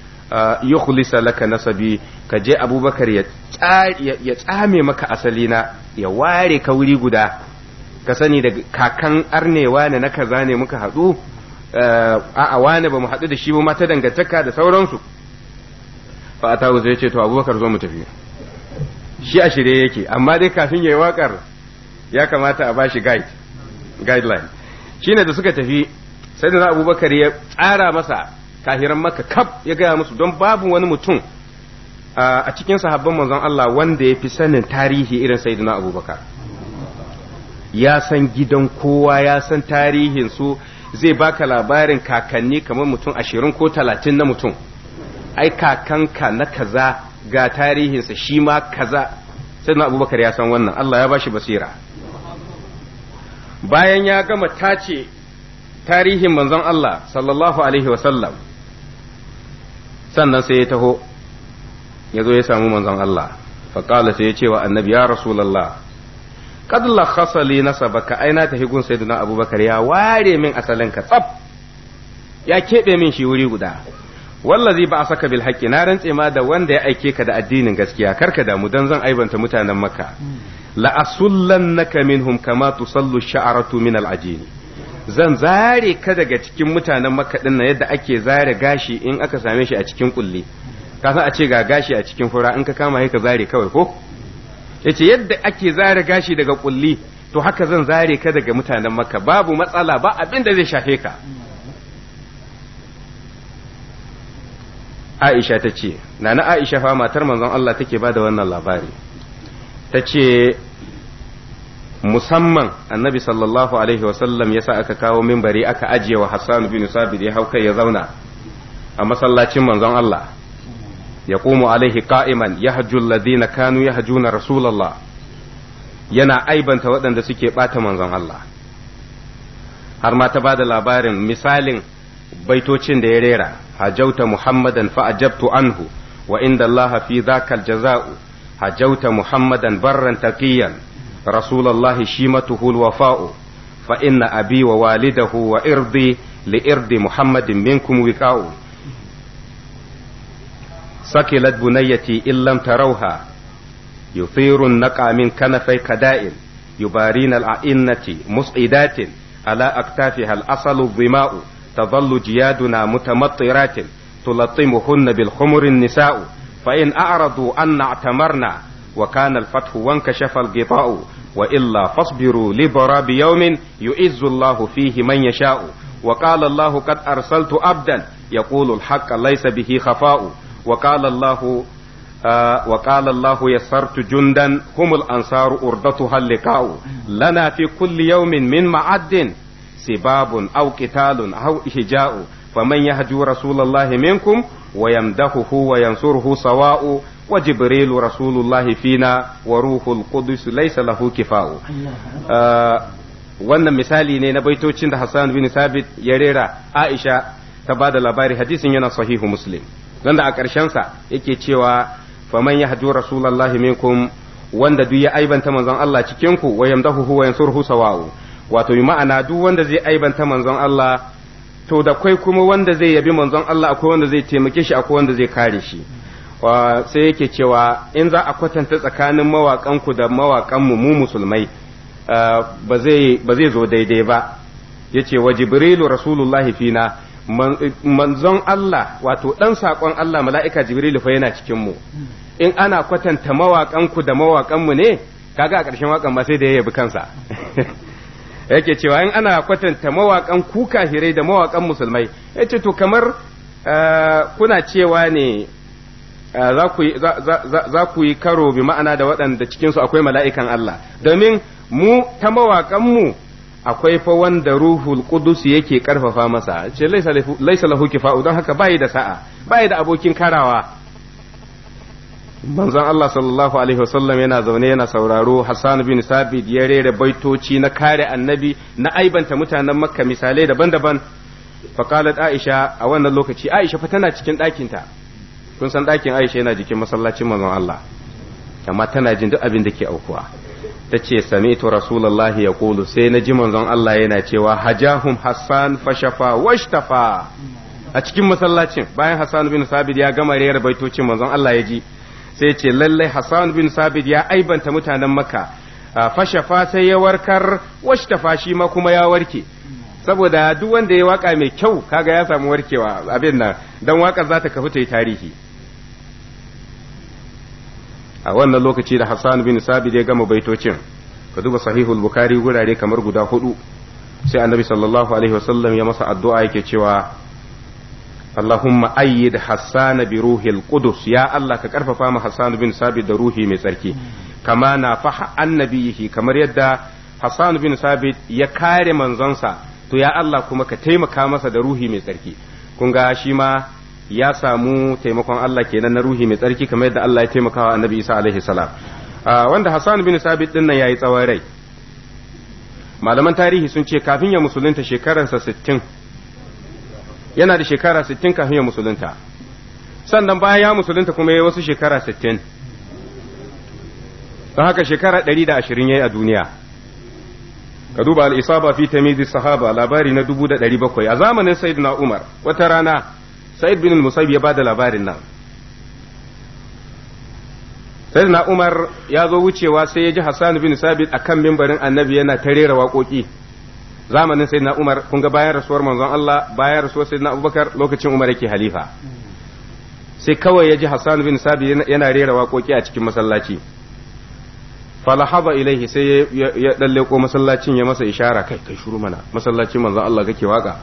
yukhlisa laka nasabi ka je abubakar ya tsame maka asali na ya ware ka wuri guda ka sani da kakan arnewa ne na kaza ne muka haɗu a'a wane ba mu haɗu da shi ba mata dangantaka da sauransu fa a tawo zai ce to abubakar zo mu tafi shi a shirye yake amma dai kafin ya yi wakar ya kamata a bashi guide guideline shine da suka tafi sai da abubakar ya tsara masa kahiran maka kaf ya gaya musu don babu wani mutum a cikin sahabban manzon Allah wanda ya fi sanin tarihi irin sayyidina abubakar ya san gidan kowa ya san tarihin su zai baka labarin kakanni kamar mutum ashirin ko talatin na mutum ai kakanka na kaza ga tarihinsa shi ma kaza sayyidina abubakar ya san wannan Allah ya bashi basira bayan ya gama tace tarihin manzon Allah sallallahu alaihi wasallam sannan sai ya taho ya zo ya samu manzon Allah faƙala sai ya ce wa annabi ya rasulallah qad lakhasa li nasabaka aina ta tafi gun sayyidina abubakar ya ware min asalin ka tsaf ya keɓe min shi wuri guda wallazi ba a saka bil haqqi na rantse ma da wanda ya aike ka da addinin gaskiya karka damu dan zan aibanta mutanen makka la asullannaka minhum kama tusallu sha'aratu min al ajini zan zare ka daga cikin mutanen makka ɗin nan yadda ake zare gashi in aka same shi a cikin kulli ka san a ce ga gashi a cikin fura in ka kama sai ka zare kawai ko yace yadda ake zare gashi daga kulli to haka zan zare ka daga mutanen maka babu matsala ba abin da zai shafe ka Aisha ta ce, Nana Aisha fa matar manzon Allah take ba da wannan labari, ta ce, musamman annabi sallallahu alaihi wasallam ya sa aka kawo mimbari aka ajiye wa hassan bin sabit ya hauka ya zauna a masallacin manzon Allah ya ƙumu alaihi ka'iman ya ladina kanu ya rasulullah na rasulallah yana aibanta waɗanda suke ɓata manzon Allah har ma ta ba da labarin misalin baitocin da ya rera hajauta muhammadan fa'ajabtu anhu wa inda Allah fi zakal jaza'u hajauta muhammadan barran taqiyan رسول الله شيمته الوفاء فإن أبي ووالده وإرضي لإرض محمد منكم وكاء سكلت بنيتي إن لم تروها يثير النقع من كنفي كدائل يبارين الأئنة مصعدات على أكتافها الأصل الظماء تظل جيادنا متمطرات تلطمهن بالخمر النساء فإن أعرضوا أن اعتمرنا وكان الفتح وانكشف الغطاء وإلا فاصبروا لضراب يوم يعز الله فيه من يشاء وقال الله قد أرسلت عبدا يقول الحق ليس به خفاء وقال الله آه، وقال الله يسرت جندا هم الأنصار أردتها اللقاء لنا في كل يوم من معد سباب أو قتال أو إهجاء فمن يهجو رسول الله منكم ويمدحه وينصره سواء wa jibrilu rasulullahi fina wa ruhul qudus laysa lahu kifa'u uh, wannan misali ne na baitocin da Hassan bin Sabit ya rera Aisha ta ba da labari hadisin yana sahihu Muslim wanda a ƙarshen sa yake cewa faman yahju rasulullahi minkum wanda duk ya aibanta manzon Allah cikin ku wa yamdahu huwa yansurhu sawa'u wato yi ma'ana duk wanda zai aibanta manzon Allah to da kai kuma wanda zai yabi manzon Allah akwai wanda zai taimake shi akwai wanda zai kare shi sai yake cewa in za a kwatanta tsakanin mawaƙanku da mawaƙanmu mu musulmai eh, ba zai zo daidai ba ya ce wa jibrilu rasulullahi fina manzon Allah wato ɗan saƙon Allah mala'ika jibrilu fa yana cikinmu in ana kwatanta mawaƙanku da mawaƙanmu ne kaga a ƙarshen waƙan ba sai da ya yabi kansa yake cewa in ana kwatanta mawaƙan ku kafirai da mawaƙan musulmai yace to kamar eh, kuna cewa ne Eh, za ku yi karo bi ma'ana da waɗanda cikinsu akwai mala'ikan Allah domin mu ta mawaƙanmu akwai fa wanda ruhul qudus yake karfafa masa ce laisa lahu kifa'u don haka bai da sa'a bai da abokin karawa manzon Allah sallallahu alaihi wasallam yana zaune yana sauraro Hassan bin Sabit ya rera baitoci na kare annabi na aibanta mutanen Makka misalai daban-daban faqalat Aisha a wannan lokaci Aisha fa tana cikin ɗakinta kun san ɗakin aisha yana jikin masallacin manzon Allah amma tana jin duk abin da ke aukuwa ta ce sami ito rasulallah ya kulu sai na ji manzon Allah yana cewa hajahum hassan fashafa washtafa a cikin masallacin bayan hassan bin sabid ya gama rera baitocin manzon Allah ya ji sai ce lallai hassan bin sabid ya aibanta mutanen makka fashafa sai ya warkar washtafa shi ma kuma ya warke saboda duk wanda ya waka mai kyau kaga ya samu warkewa abin nan dan waka za ta kafu ta yi tarihi a wannan lokaci da Hassan bin Sabit ya gama baitocin ka duba sahihul Bukhari gurare kamar guda hudu sai annabi sallallahu alaihi wasallam ya masa addu'a yake cewa Allahumma ayyid Hassan bi ruhil qudus ya Allah ka karfafa mu Hassan bin Sabit da ruhi mai tsarki kama na faha annabihi kamar yadda Hassan bin Sabit ya kare manzonsa to ya Allah kuma ka taimaka masa da ruhi mai tsarki kun ga shi ma ya samu taimakon Allah kenan na ruhi mai tsarki kamar yadda Allah ya taimakawa annabi Isa alaihi salam ah, wanda Hassan bin Sabit din nan yayi tsawon rai malaman tarihi sun ce kafin ya musulunta sa 60 yana da shekara 60 kafin ya musulunta sannan bayan ya musulunta kuma yayi wasu shekara 60 don haka shekara 120 yayi a duniya ka duba al-isaba fi tamizi sahaba labari na 1700 a zamanin sayyidina Umar wata rana sa'id bin al-Musayyib ya bada labarin nan sayyidina umar ya zo wucewa sai ya ji hassan bin sabit akan mimbarin annabi yana ta rera waƙoƙi zamanin sayyidina umar kun ga bayan rasuwar manzon Allah bayan rasuwar sayyidina abubakar lokacin umar yake halifa sai kawai ya ji hassan bin sabit yana rera wakoki a cikin masallaci falahaba ilaihi sai ya dan leko masallacin ya masa ishara kai kai shuru mana masallacin manzon Allah kake waka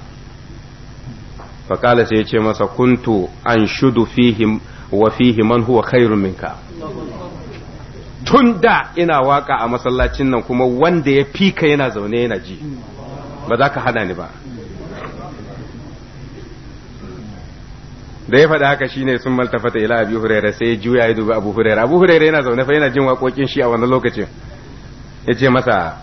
fakala sai ya ce masa kuntu an shudu fihim wa fihi man huwa khairun minka tun da ina waka a masallacin nan kuma wanda ya fika yana zaune yana ji ba za ka hada ni ba da ya faɗi haka shine sun maltafata ila abu huraira sai ya juya ya dubi abu huraira abu huraira yana zaune fa yana jin waƙoƙin shi a wannan lokacin ya ce masa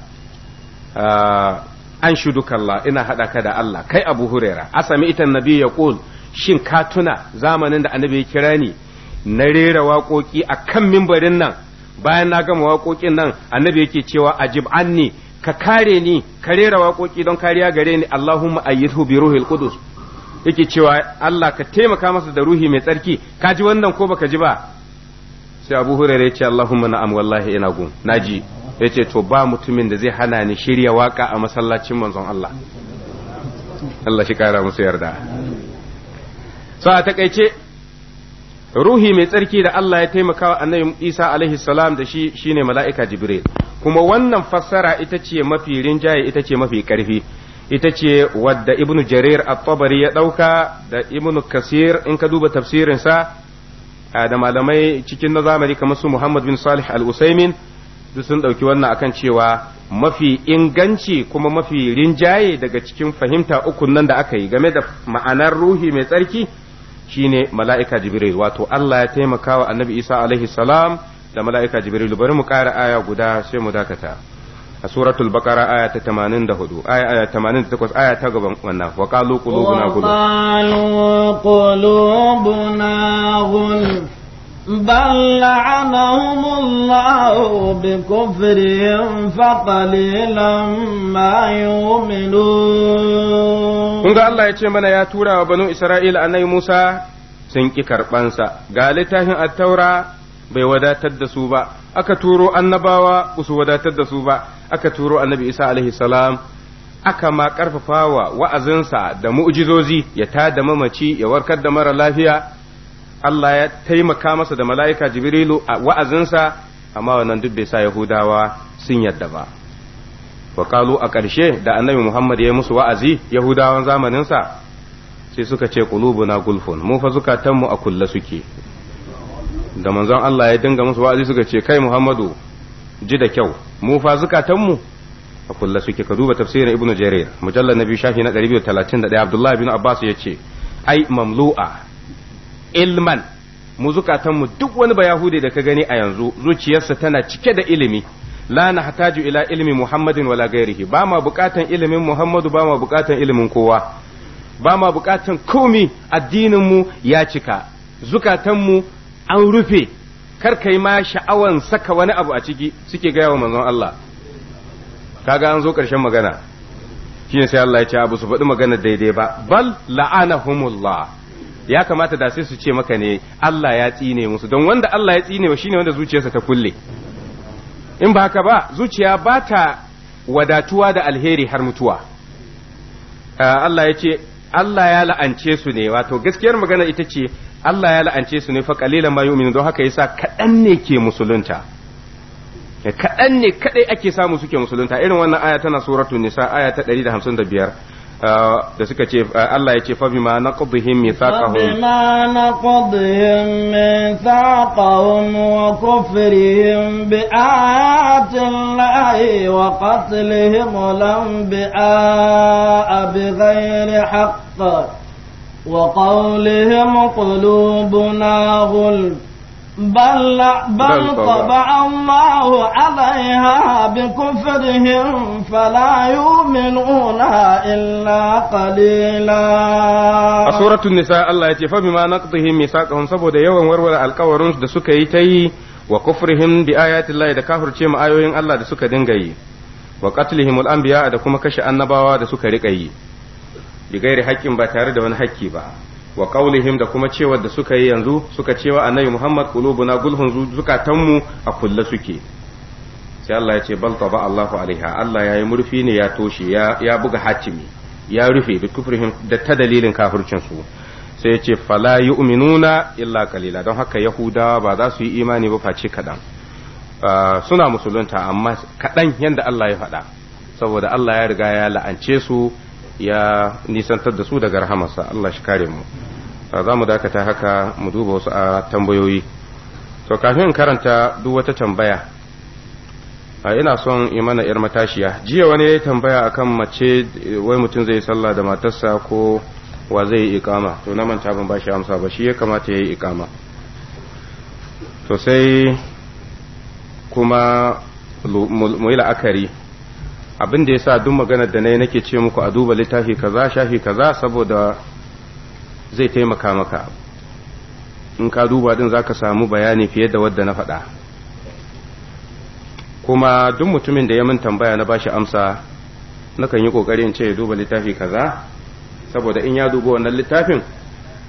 ah, an Allah ina haɗa ka da Allah kai abu huraira asami ita nabi ya ƙul shin ka tuna zamanin da annabi ya kira ni na rera waƙoƙi a kan mimbarin nan bayan na gama waƙoƙin nan annabi yake cewa ajib anni ka kare ni ka rera waƙoƙi don kariya gare ni Allahumma ayyidhu bi ruhil qudus yake cewa Allah ka taimaka masa da ruhi mai tsarki ka ji wannan ko baka ji ba sai Abu Hurairah ya ce Allahumma na'am wallahi ina gum naji ya ce to ba mutumin da zai hana ni shirya waka a masallacin manzon Allah Allah shi kara musu yarda so a takaice ruhi mai tsarki da Allah ya taimaka wa annabi Isa alaihi salam da shi shine mala'ika Jibril kuma wannan fassara ita ce mafi rinjaye ita ce mafi karfi ita ce wadda Ibn Jarir at-Tabari ya dauka da Ibn Kasir in ka duba tafsirin sa da malamai cikin na zamani kamar su Muhammad bin Salih al-Usaimin duk sun ɗauki wannan akan cewa mafi inganci kuma mafi rinjaye daga cikin fahimta ukun nan da aka yi game da ma'anar ruhi mai tsarki shine mala'ika jibril wato Allah ya taimaka wa annabi isa alaihi salam da mala'ika jibril bari mu ƙara aya guda sai mu dakata a suratul baqara aya ta 84 aya aya 88 aya ta gaban wannan wa qalu qulubuna qulubuna بل لعنهم الله بكفرهم فقليلا ما يؤمنون kun الله Allah ya ce mana ya tura wa banu Isra'ila annai Musa sun ƙi karɓansa, ga littafin attaura bai wadatar da su ba, aka turo annabawa ba su wadatar da su ba, aka turo annabi Isa alaihi salam aka ma ƙarfafawa wa'azinsa da mu'jizozi ya tada mamaci ya warkar da mara lafiya Allah ya taimaka masa da mala'ika Jibrilu a wa'azinsa amma wannan duk bai sa Yahudawa sun yadda ba wa a ƙarshe da annabi Muhammad ya musu wa'azi Yahudawan zamaninsa sai suka ce na gulfun mu fa zukatanmu a kulle suke da manzon Allah ya dinga musu wa'azi suka ce kai Muhammadu ji da kyau mu fa zukatanmu a kulle suke ka duba tafsirin Ibn Jarir mujallar na biyu shafi na 231 Abdullahi bin Abbas ya ce ai mamlu'a ilman mu zukatanmu duk wani bayahude da ka gani a yanzu zuciyarsa tana cike da ilimi la nahtaju ila ilmi muhammadin wala gairihi ba ma bukatan ilimin muhammadu ba ma bukatan ilimin kowa ba ma bukatan komi addinin mu ya cika zukatanmu an rufe kar kai ma sha'awan saka wani abu a ciki suke gaya wa manzon Allah kaga an zo karshen magana shine sai Allah ya ce abu su faɗi magana daidai ba bal la'anahumullah ya kamata da sai su ce maka ne Allah ya tsine musu don wanda Allah ya tsine wa shine wanda zuciyarsa ta kulle in ba haka ba zuciya ba ta wadatuwa da alheri har mutuwa ah, Allah ya ce Allah ya la'ance su ne wato gaskiyar magana ita ce Allah ya la'ance su ne fa qalilan ma yu'minu don haka yasa kaɗan ne ke musulunta kaɗan ne kaɗai ake samu suke musulunta irin wannan aya tana suratul nisa aya ta 155 da suka ce Allah ya ce fa bima naqdihim mithaqahum bima naqdihim mithaqahum wa kufrihim bi ayati llahi wa qatlihim bi ghairi wa qawlihim qulubuna ghulf بل لا بل طبع الله عليها بكفرهم فلا يؤمنون إلا قليلا سورة النساء الله يتي فبما نقضهم ميثاقهم سبو da yawan warware alkawarin da suka yi ta yi wa kufrihim bi ayati Allah da kafirce ma'ayoyin Allah da suka dinga yi wa qatlihim al-anbiya da kuma kashe annabawa da suka rika yi bi gairi haƙƙin ba tare da wani haƙƙi ba wa kaulihim da kuma cewa da suka yi yanzu suka cewa annabi Muhammad qulubuna gulhun zukatanmu a kulle suke sai Allah ya ce bal taba Allahu alaiha Allah yayi murfi ne ya toshe ya ya buga hatimi ya rufe da kufrihim da ta dalilin kafircin su sai ya ce fala yu'minuna illa qalila don haka yahudawa ba za su yi imani ba face kadan ah, suna musulunta amma kadan yanda Allah ya faɗa saboda Allah ya riga ya la'ance su ya nisantar da su daga rahamarsa Allah shi kare mu za mu dakata haka mu duba wasu a tambayoyi to kafin karanta duk wata tambaya a ina son yi mana yar matashiya jiya wani ya tambaya akan mace wai mutum zai sallah da matarsa ko wa zai yi ikama to na manta ban bashi amsa ba shi ya kamata ya yi ikama to sai kuma mu yi la'akari abin da ya sa duk maganar da na nake ce muku a duba littafi kaza shafi kaza saboda zai taimaka maka in ka duba din zaka samu bayani fiye da wadda na faɗa kuma duk mutumin da ya min tambaya na bashi amsa nakan yi kokari in ce ya duba littafi kaza saboda in ya duba wannan littafin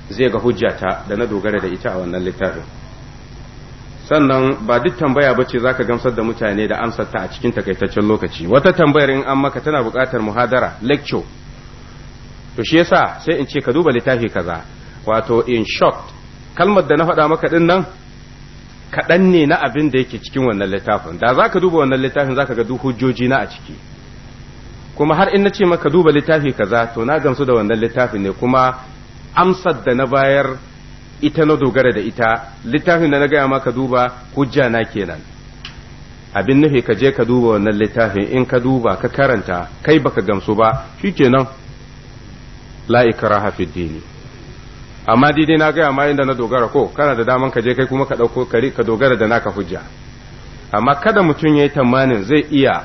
zai ga hujjata da na dogara da ita a wannan littafin sannan ba duk tambaya ba bace ka gamsar da mutane da amsar ta a cikin takaitaccen lokaci wata tambayar in an maka tana buƙatar muhadara lecture to shi yasa sai in ce ka duba littafi kaza wato in short kalmar da na faɗa maka din nan kaɗan ne na abin da yake cikin wannan littafin da za ka duba wannan littafin za ka ga duk hujjoji na a ciki kuma har in na ce maka duba littafi kaza to na gamsu da wannan littafin ne kuma amsar da na bayar ita na dogara da ita littafin da na gaya maka duba hujja na kenan abin nufi ka je ka duba wannan littafin in ka duba ka karanta kai baka gamsu ba shi kenan la'ikara hafi dini amma daidai na gaya ma inda na dogara ko kana da daman ka je kai kuma ka ɗauko kari ka dogara da naka hujja amma kada mutum ya yi tamanin zai iya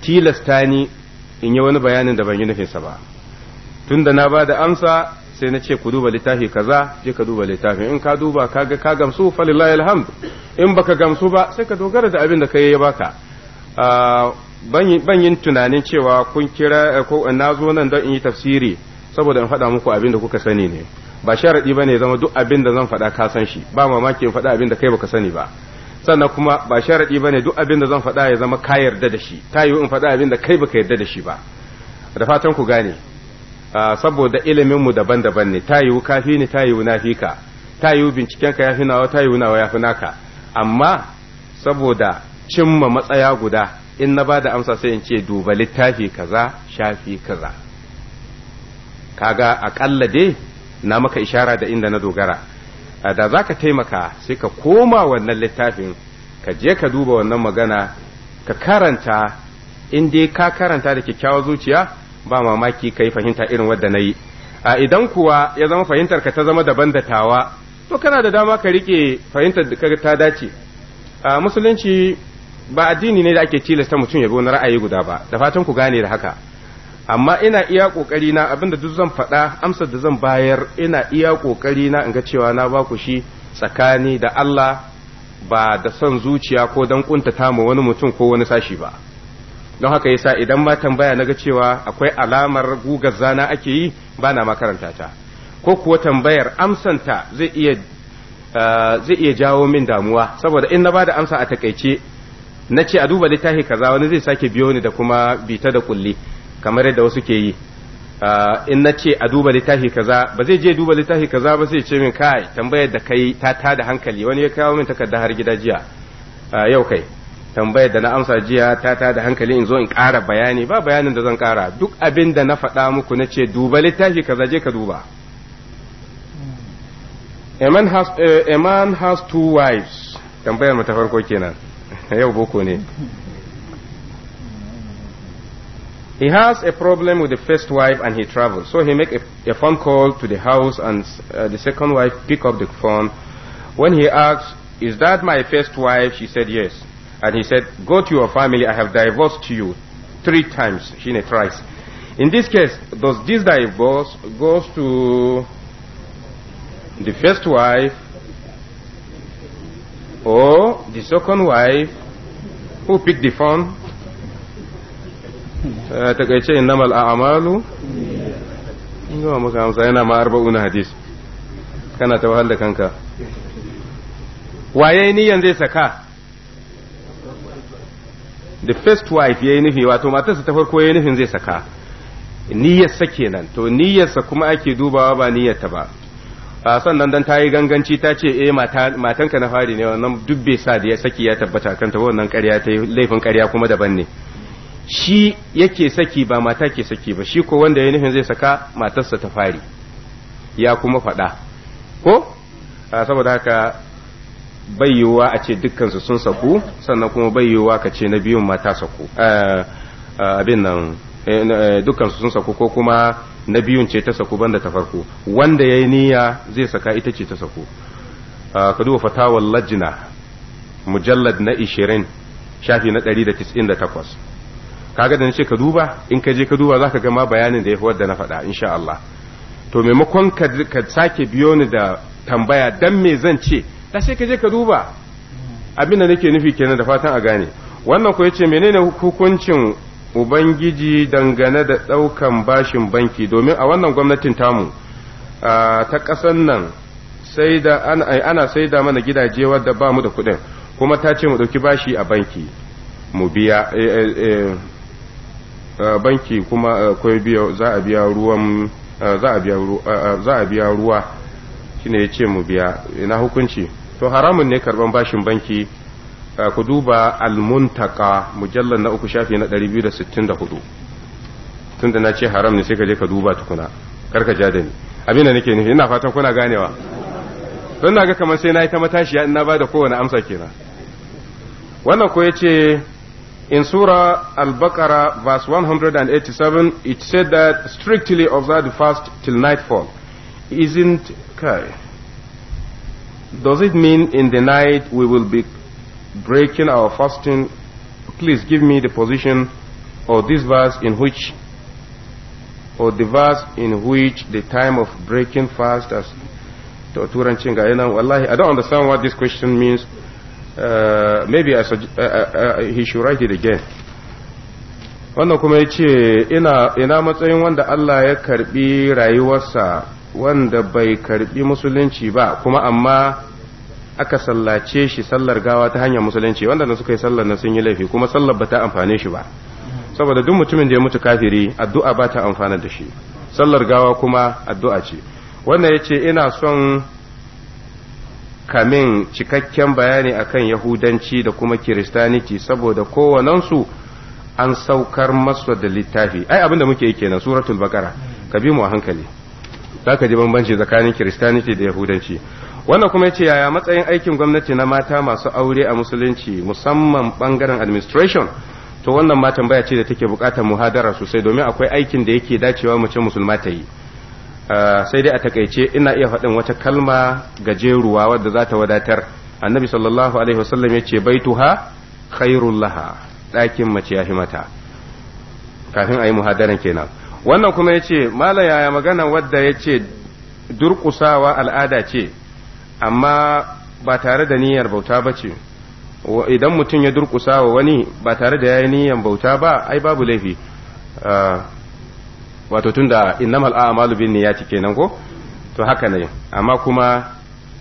tilasta ni in yi wani bayanin da ban yi nufinsa ba tunda na ba da amsa sai na ce ku duba littafi kaza je ka duba littafin in ka duba kaga ka gamsu falillahi alhamd in baka gamsu ba sai ka dogara da abin da kai ya baka ah, ban yin tunanin cewa kun kira eh, ko na zo nan don in yi tafsiri saboda in faɗa muku abin da kuka sani ne ba sharaɗi ba ne zama duk abin da zan faɗa ka san shi ba mamaki in faɗa abin da kai baka sani ba sannan kuma ba sharaɗi ba ne duk abin da zan faɗa ya zama ka yarda da shi ta yiwu in faɗa abin da kai baka yarda da shi ba da fatan ku gane Ah, saboda iliminmu daban-daban ne ta yiwu kafi ne ta yiwu na fi ka ta yiwu bincikenka ya fi nawa ta yiwu nawa ya naka amma saboda cimma matsaya guda in na ba da amsa sai in ce duba littafi kaza shafi kaza kaga aƙalla dai na maka ishara da inda na dogara ah, da za ka taimaka sai ka koma wannan littafin ka je ka duba wannan magana ka karanta in dai ka karanta da kyakkyawar zuciya ba mamaki kai fahimta irin wadda na yi a idan kuwa ya zama fahimtar ka ta zama daban da tawa to kana da dama ka rike fahimtar da ta dace a musulunci ba addini ne da ake tilasta mutum ya bi wani ra'ayi guda ba da fatan ku gane da haka amma ina iya kokari na abinda duk zan faɗa amsar da zan bayar ina iya kokari na in ga cewa na ba ku shi tsakani da Allah ba da son zuciya ko dan kuntata ma wani mutum ko wani sashi ba don haka yasa idan ma tambaya naga cewa akwai alamar gugar zana ake yi ba na makaranta ta ko kuwa tambayar amsanta zai iya eh, zai iya jawo min damuwa saboda in na ba da amsa a takaice na ce a duba littafi kaza wani zai sake biyo ni da kuma bita da kulli kamar yadda wasu ke yi eh, in na ce a duba littafi kaza ba zai je duba littafi kaza ba sai ce min kai tambayar da kai ta tada hankali wani ya kawo min takarda har gida jiya eh, yau kai tambayar da na amsa jiya ta ta da hankali in zo in ƙara bayani ba bayanin da zan ƙara duk abin da na faɗa muku na ce duba littafi ka duba a man has, uh, a man has two wives tambayar mu farko kenan yau boko ne he has a problem with the first wife and he travels so he make a, a phone call to the house and uh, the second wife pick up the phone when he asks is that my first wife she said yes and he said, Go to your family, I have divorced you three times. She thrice. In this case, does this divorce goes to the first wife or the second wife who picked the phone? takaice in maka yana ma arba'una hadis kana ta wahal da kanka waye niyan zai saka the first wife yayi nufi wato matarsa ta farko yayi nufin zai saka niyyarsa kenan to sa kuma ake dubawa ba ta ba a sannan dan ta yi ganganci ta ce eh ka na fari ne wannan duk bai sa da ya saki ya tabbata kanta wannan ƙarya ta yi laifin ƙarya kuma daban ne shi yake saki ba mata ke saki ba shi ko wanda ya nufin zai saka matarsa ta fari ya kuma faɗa ko saboda haka bai a ce dukkansu sun saku sannan kuma bai ka ce na biyun mata saku eh, eh, abin nan eh, dukkansu sun saku ko kuma na biyun ce ta saku banda ta farko wanda ya yi niyya zai saka ita ce ta saku ka duba fatawar lajina mujallad na 20 shafi na 198 kaga da nace ka duba in ka je ka duba zaka ga ma bayanin da ya wadda na faɗa insha Allah to maimakon ka sake biyo ni da tambaya dan me zan ce da sai ka je ka duba abin da nake nufi kenan da fatan a gane wannan ko yace menene hukuncin ubangiji dangane da daukan bashin banki domin a wannan gwamnatin tamu ta kasan nan sai da ana sai da mana gidaje wadda ba mu da kuɗin kuma ta ce mu ɗauki bashi a banki mu biya eh, eh, eh, banki kuma akwai biya za a biya ruwan za a biya ruwa shine ya mu biya ina hukunci to haramun ne karban bashin banki eh, ku duba almuntaka mujallar na uku shafi na 264 tunda na ce haram ne sai ka je ka duba tukuna karka ja da ni abin da nake nufi ina fatan kuna ganewa don na ga kamar sai na yi ta matashiya ina ba da kowane amsa kenan wannan ko ya ce in sura al-baqarah verse 187 it said that strictly observe the fast till nightfall isn't okay Does it mean in the night we will be breaking our fasting? Please give me the position or this verse in which or the verse in which the time of breaking fast as I don't understand what this question means uh, maybe I uh, uh, uh, he should write it again wannan kuma ya ce ina matsayin wanda Allah ya karbi rayuwarsa wanda bai karbi musulunci ba kuma amma aka sallace shi sallar gawa ta hanyar musulunci wanda na suka yi sallar na sun yi laifi kuma sallar ba ta amfane shi ba saboda duk mutumin da ya mutu kafiri addu'a ba ta amfana da shi sallar gawa kuma addu'a ce wannan ya ce ina son kamin cikakken bayani akan yahudanci da kuma kiristaniti saboda su an saukar masu da littafi ai abinda muke yi kenan suratul baqara ka bi mu a hankali za ka ji bambanci tsakanin kiristaniti da yahudanci wannan kuma ya ce yaya matsayin aikin gwamnati na mata masu aure a musulunci musamman bangaren administration to wannan ma tambaya ce da take bukatar muhadara sosai domin akwai aikin da yake dacewa mace musulma ta yi ah, sai dai a takaice ina iya faɗin wata kalma gajeruwa wadda za ta wadatar annabi sallallahu alaihi wasallam ce baituha khairul laha ɗakin mace ya mata kafin a yi muhadaran kenan wannan kuma ya ce mala yaya magana wadda ya ce durƙusawa al'ada ce amma ba tare da niyyar bauta ba ce idan mutum ya durƙusa wa wani ba tare da ya yi niyyar bauta ba ai babu laifi ah, wato tun da innama al'amalu bin niyyati kenan ko to haka ne amma kuma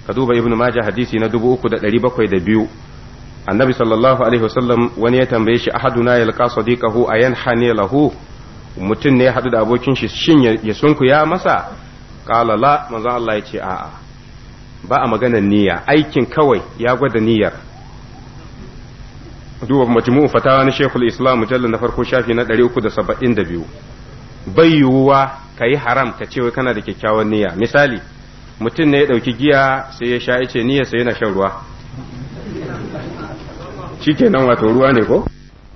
ka duba ibnu majah hadisi na da 3702 annabi sallallahu alaihi wasallam wani ya tambaye shi ahaduna yalqa sadiqahu ayan hani lahu mutum ne ya haɗu da abokin shi shin ya ya masa qala la manzo Allah ya ce a'a ba a maganar niyya aikin kawai ya gwada niyyar duba majmu'u fatawa na shekul Islam mujallar na farko shafi na 372 bai yiwuwa kayi haram ka ce wai kana da kyakkyawan niyya misali mutum ne ya ɗauki giya sai ya sha yace niyya sai yana shan ruwa shikenan wato ruwa ne ko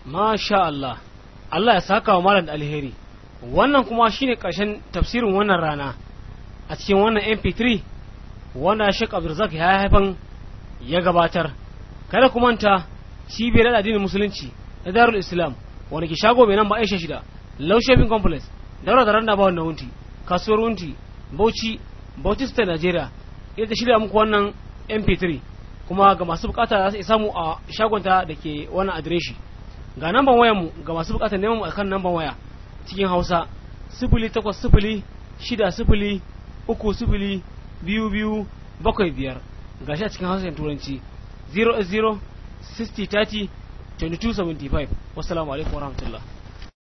masha Allah Allah ya saka wa malam alheri wannan kuma shine karshen tafsirin wannan rana a cikin wannan mp3 wanda Sheikh Abdulzak ya haifan ya gabatar kada ku manta cibiyar da addinin musulunci na Darul Islam wanda ke shago mai nan ba Aisha shida Low Shopping Complex daura da randa ba wannan wunti kasuwar wunti Bauchi Bauchi State Nigeria ita ta shirya muku wannan mp3 kuma ga masu bukata za su samu a shagonta da ke wannan adireshi ga namban wayan mu ga masu bukatar neman mu akan namban waya cikin Hausa 0806 uku 3 biyu biyu bakwai biyar gashi a cikin hausa turanci 0 0 60 30 22 75 wasu alaikum warahmatullahi